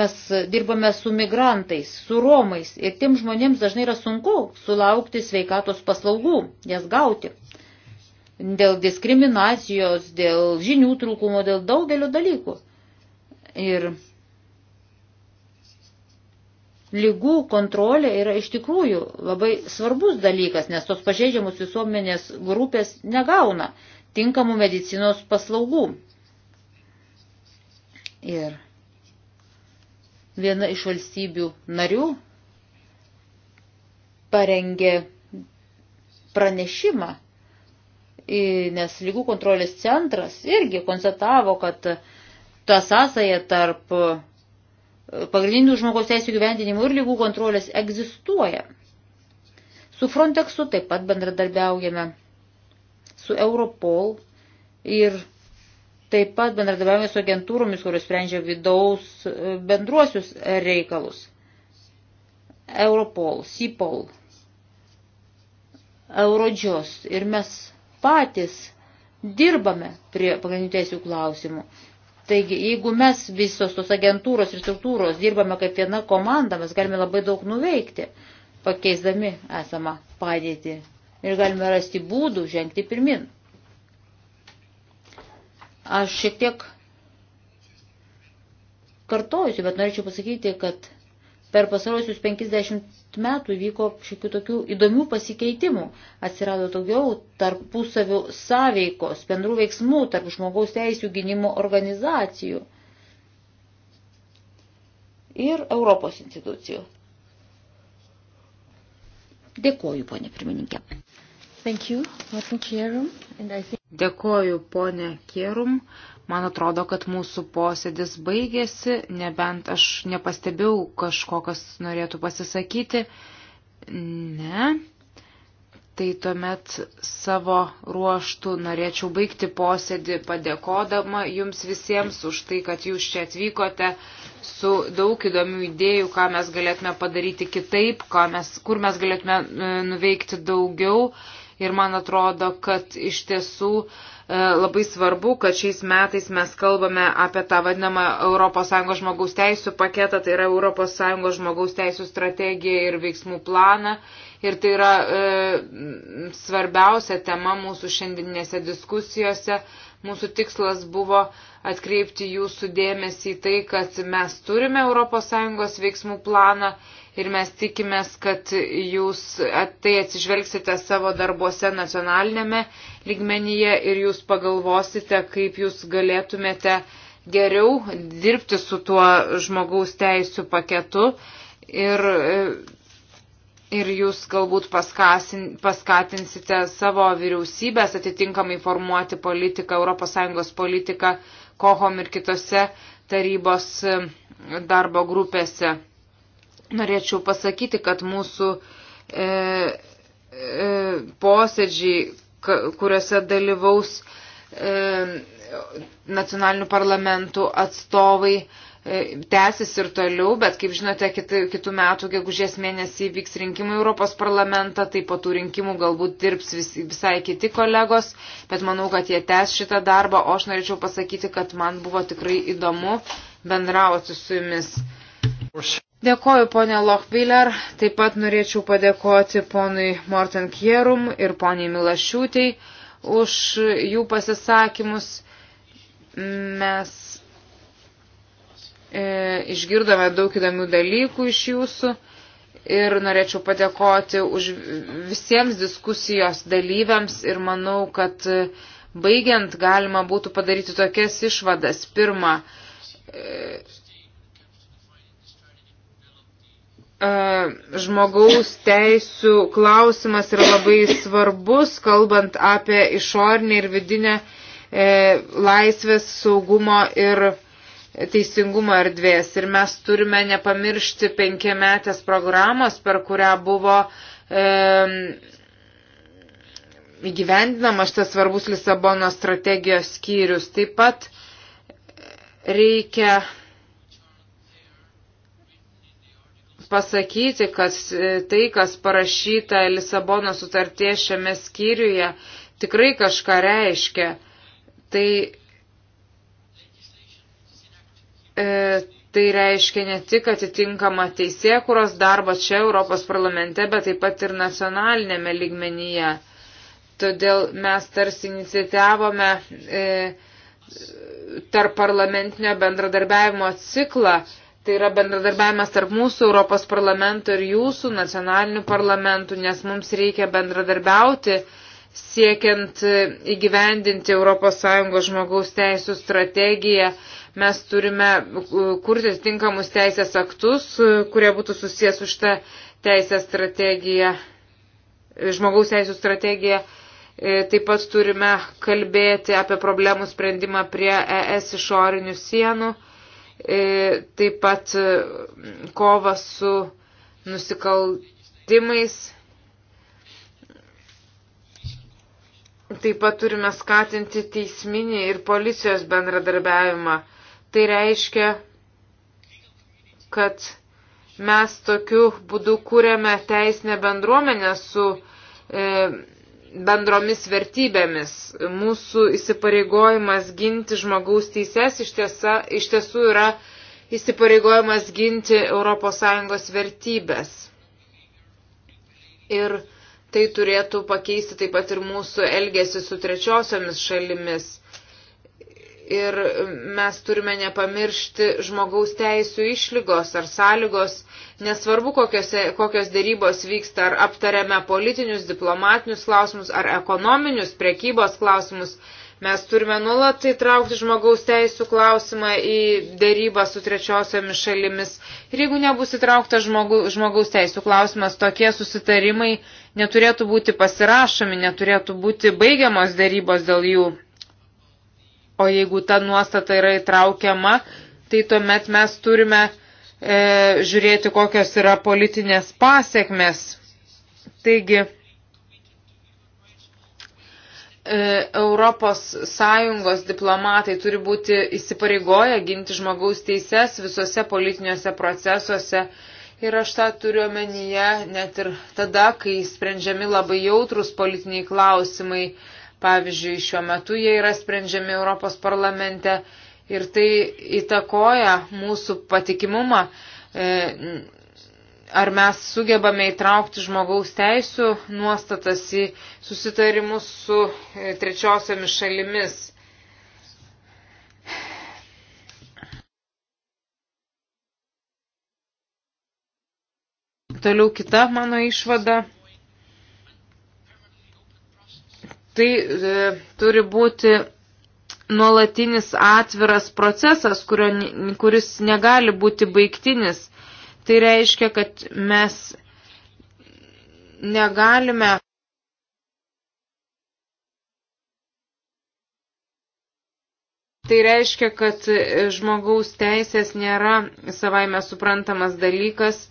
Mes dirbame su migrantais, su romais ir tiem žmonėms dažnai yra sunku sulaukti sveikatos paslaugų, jas gauti. Dėl diskriminacijos, dėl žinių trūkumo, dėl daugelio dalykų. Ir lygų kontrolė yra iš tikrųjų labai svarbus dalykas, nes tos pažeidžiamus visuomenės grupės negauna tinkamų medicinos paslaugų. Ir viena iš valstybių narių parengė pranešimą, nes lygų kontrolės centras irgi konstatavo, kad ta sąsaja tarp pagrindinių žmogaus teisų gyvendinimo ir lygų kontrolės egzistuoja. Su Frontexu taip pat bendradarbiaujame, su Europol ir taip pat bendradarbiaujame su agentūromis, kurios sprendžia vidaus e, bendruosius reikalus. Europol, Sipol, Eurodžios ir mes patys dirbame prie pagrindinių teisių klausimų. Taigi, jeigu mes visos tos agentūros ir struktūros dirbame kaip viena komanda, mes galime labai daug nuveikti, pakeisdami esamą padėtį ir galime rasti būdų žengti pirmin. Aš šiek tiek kartojusiu, bet norėčiau pasakyti, kad Per pasarosius 50 metų vyko šiokių tokių įdomių pasikeitimų. Atsirado daugiau tarpusavio sąveikos, bendrų veiksmų tarp žmogaus teisų gynimo organizacijų ir Europos institucijų. Dėkoju, ponė pirmininkė. Thank you, Martin Kierum. Think... Dėkoju, ponė Kierum. Man atrodo, kad mūsų posėdis baigėsi, nebent aš nepastebėjau kažko, kas norėtų pasisakyti. Ne. Tai tuomet savo ruoštų norėčiau baigti posėdį padėkodama jums visiems už tai, kad jūs čia atvykote su daug įdomių idėjų, ką mes galėtume padaryti kitaip, mes, kur mes galėtume e, nuveikti daugiau. Ir man atrodo, kad iš tiesų uh, E, labai svarbu, kad šiais metais mes kalbame apie tą vadinamą ES žmogaus teisų paketą, tai yra ES žmogaus teisų strategija ir veiksmų planą. Ir tai yra e, svarbiausia tema mūsų šiandieninėse diskusijose. Mūsų tikslas buvo atkreipti jūsų dėmesį į tai, kad mes turime ES veiksmų planą ir mes tikimės, kad jūs tai atsižvelgsite savo darbuose nacionalinėme lygmenyje ir jūs pagalvosite, kaip jūs galėtumėte geriau dirbti su tuo žmogaus teisų paketu ir, ir jūs galbūt paskasin, paskatinsite savo vyriausybės atitinkamai formuoti politiką, ES politiką, kohom ir kitose tarybos e, darbo grupėse. Norėčiau pasakyti, kad mūsų e, e, posėdžiai, kuriuose dalyvaus e, nacionalinių parlamentų atstovai, e, tęsis ir toliau, bet kaip žinote, kitų, kitų metų gegužės mėnesį vyks rinkimai Europos parlamentą, tai po tų rinkimų galbūt dirbs vis, visai kiti kolegos, bet manau, kad jie tęs šitą darbą, o aš norėčiau pasakyti, kad man buvo tikrai įdomu bendrauti su jumis. Of course. Dėkoju, ponė Lochbiller. Taip pat norėčiau padėkoti ponui Morten Kierum ir poniai Milašiūtei už jų pasisakymus. Mes e, išgirdome daug įdomių dalykų iš jūsų ir norėčiau padėkoti už visiems diskusijos dalyviams ir manau, kad e, baigiant galima būtų padaryti tokias išvadas. Pirma, e, žmogaus teisų klausimas yra labai svarbus, kalbant apie išornį ir vidinę e, laisvės, saugumo ir teisingumo erdvės. Ir mes turime nepamiršti penkiametės programos, per kurią buvo e, įgyvendinama šitas svarbus Lisabono strategijos skyrius. Taip pat reikia pasakyti, kad e, tai, kas parašyta Lisabono sutartie šiame skyriuje, tikrai kažką reiškia. Tai, e, tai reiškia ne tik atitinkamą teisėkuros darbą čia Europos parlamente, bet taip pat ir nacionalinėme lygmenyje. Todėl mes tarsi inicijavome e, tarp parlamentinio bendradarbiavimo ciklą Tai yra bendradarbiavimas tarp mūsų Europos parlamento ir jūsų nacionalinių parlamentų, nes mums reikia bendradarbiauti siekiant įgyvendinti ES žmogaus teisų strategiją. Mes turime e, kurti tinkamus teisės aktus, e, kurie būtų susijęs už tą teisę strategiją, e, žmogaus teisų strategiją. Taip pat turime kalbėti apie problemų sprendimą prie ES išorinių sienų E, taip pat e, kova su nusikaltimais. Taip pat turime skatinti teisminį ir policijos bendradarbiavimą. Tai reiškia, kad mes tokiu būdu kūrėme teisinę bendruomenę su e, bendromis vertybėmis. Mūsų įsipareigojimas ginti žmogaus teises iš, tiesa, iš tiesų yra įsipareigojimas ginti ES vertybės. Ir tai turėtų pakeisti taip pat ir mūsų elgesį su trečiosiomis šalimis ir mes turime nepamiršti žmogaus teisų išlygos ar sąlygos, nesvarbu kokiose, kokios dėrybos vyksta, ar aptariame politinius, diplomatinius klausimus, ar ekonominius, prekybos klausimus, mes turime nuolat įtraukti žmogaus teisų klausimą į dėrybą su trečiosiomis šalimis. Ir jeigu nebus įtraukta žmogu, žmogaus teisų klausimas, tokie susitarimai neturėtų būti pasirašomi, neturėtų būti baigiamos dėrybos dėl jų. O jeigu ta nuostata yra įtraukiama, tai tuomet mes turime e, žiūrėti, kokios yra politinės pasiekmes. Taigi, e, Europos Sąjungos diplomatai turi būti įsipareigoję ginti žmogaus teises visose politiniuose procesuose. Ir aš tą turiu omenyje net ir tada, kai sprendžiami labai jautrus politiniai klausimai. E, Pavyzdžiui, šiuo metu jie yra sprendžiami Europos parlamente ir tai įtakoja mūsų patikimumą. E, ar mes sugebame įtraukti žmogaus teisų nuostatas į susitarimus su e, trečiosiamis šalimis? Toliau kita mano išvada tai e, turi būti nuolatinis atviras procesas, kurio, kuris negali būti baigtinis. Tai reiškia, kad mes negalime. Tai reiškia, kad žmogaus teisės nėra savaime suprantamas dalykas.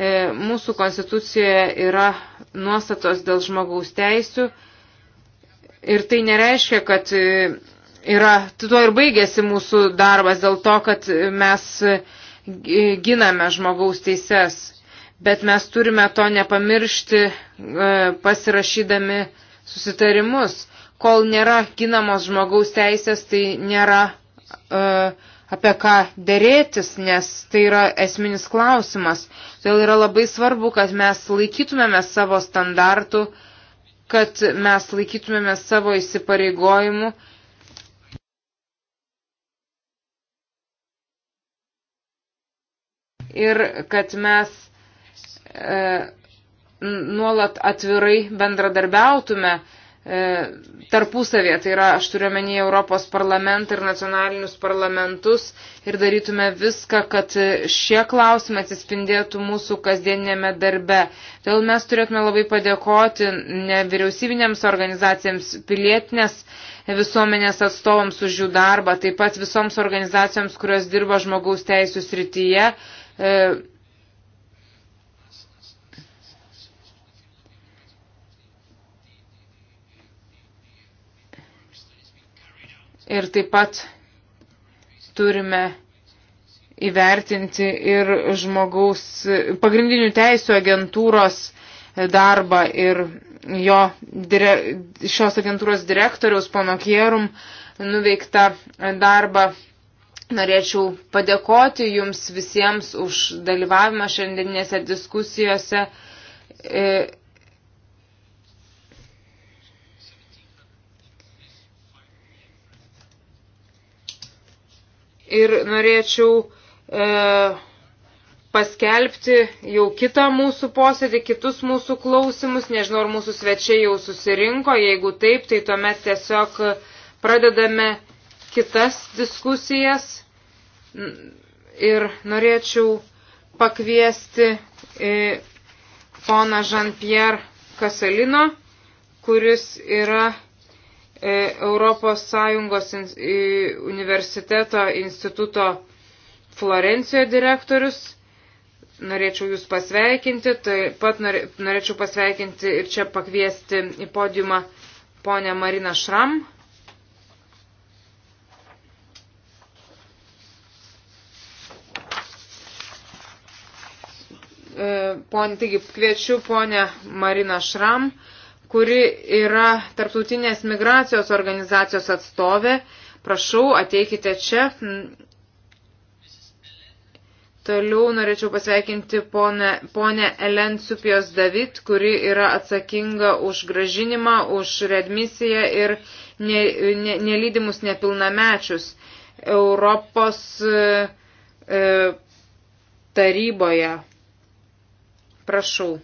E, mūsų konstitucijoje yra nuostatos dėl žmogaus teisų Ir tai nereiškia, kad e, yra, tuo ir baigėsi mūsų darbas dėl to, kad mes e, giname žmogaus teises. Bet mes turime to nepamiršti e, pasirašydami susitarimus. Kol nėra ginamos žmogaus teisės, tai nėra apie ką dėrėtis, nes tai yra esminis klausimas. Todėl yra labai svarbu, kad mes laikytumėme savo standartų, uh, kad mes laikytumėme savo įsipareigojimų. Ir kad mes e, nuolat atvirai bendradarbiautume e, E, tarpusavėje, tai yra, aš turiu menį Europos parlamentą ir nacionalinius parlamentus ir darytume viską, kad šie klausimai atsispindėtų mūsų kasdienėme darbe. Todėl mes turėtume labai padėkoti nevyriausybinėms organizacijams, pilietinės visuomenės atstovams už jų darbą, taip pat visoms organizacijoms, kurios dirba žmogaus teisų srityje. E, ir taip pat turime įvertinti ir žmogaus pagrindinių teisų agentūros darbą ir jo dire, šios agentūros direktoriaus pono Kierum nuveiktą darbą. Norėčiau padėkoti jums visiems už dalyvavimą šiandieninėse diskusijose. E, ir norėčiau e, paskelbti jau kitą mūsų posėdį, kitus mūsų klausimus. Nežinau, ar mūsų svečiai jau susirinko. Jeigu taip, tai tuomet tiesiog pradedame kitas diskusijas. Ir norėčiau pakviesti e, poną Jean-Pierre Kasalino, kuris yra E, Europos Sąjungos universiteto instituto Florencijoje direktorius. Norėčiau Jūs pasveikinti, taip pat norėčiau pasveikinti ir čia pakviesti į podiumą ponę Mariną Šram. E, Pone, taigi kviečiu ponę Mariną Šram kuri yra tarptautinės migracijos organizacijos atstovė. Prašau, ateikite čia. Toliau norėčiau pasveikinti ponę, ponę Elen Supijos David, kuri yra atsakinga už gražinimą, už redmisiją ir ne, ne, nelydimus nepilnamečius Europos e, e taryboje. Prašau.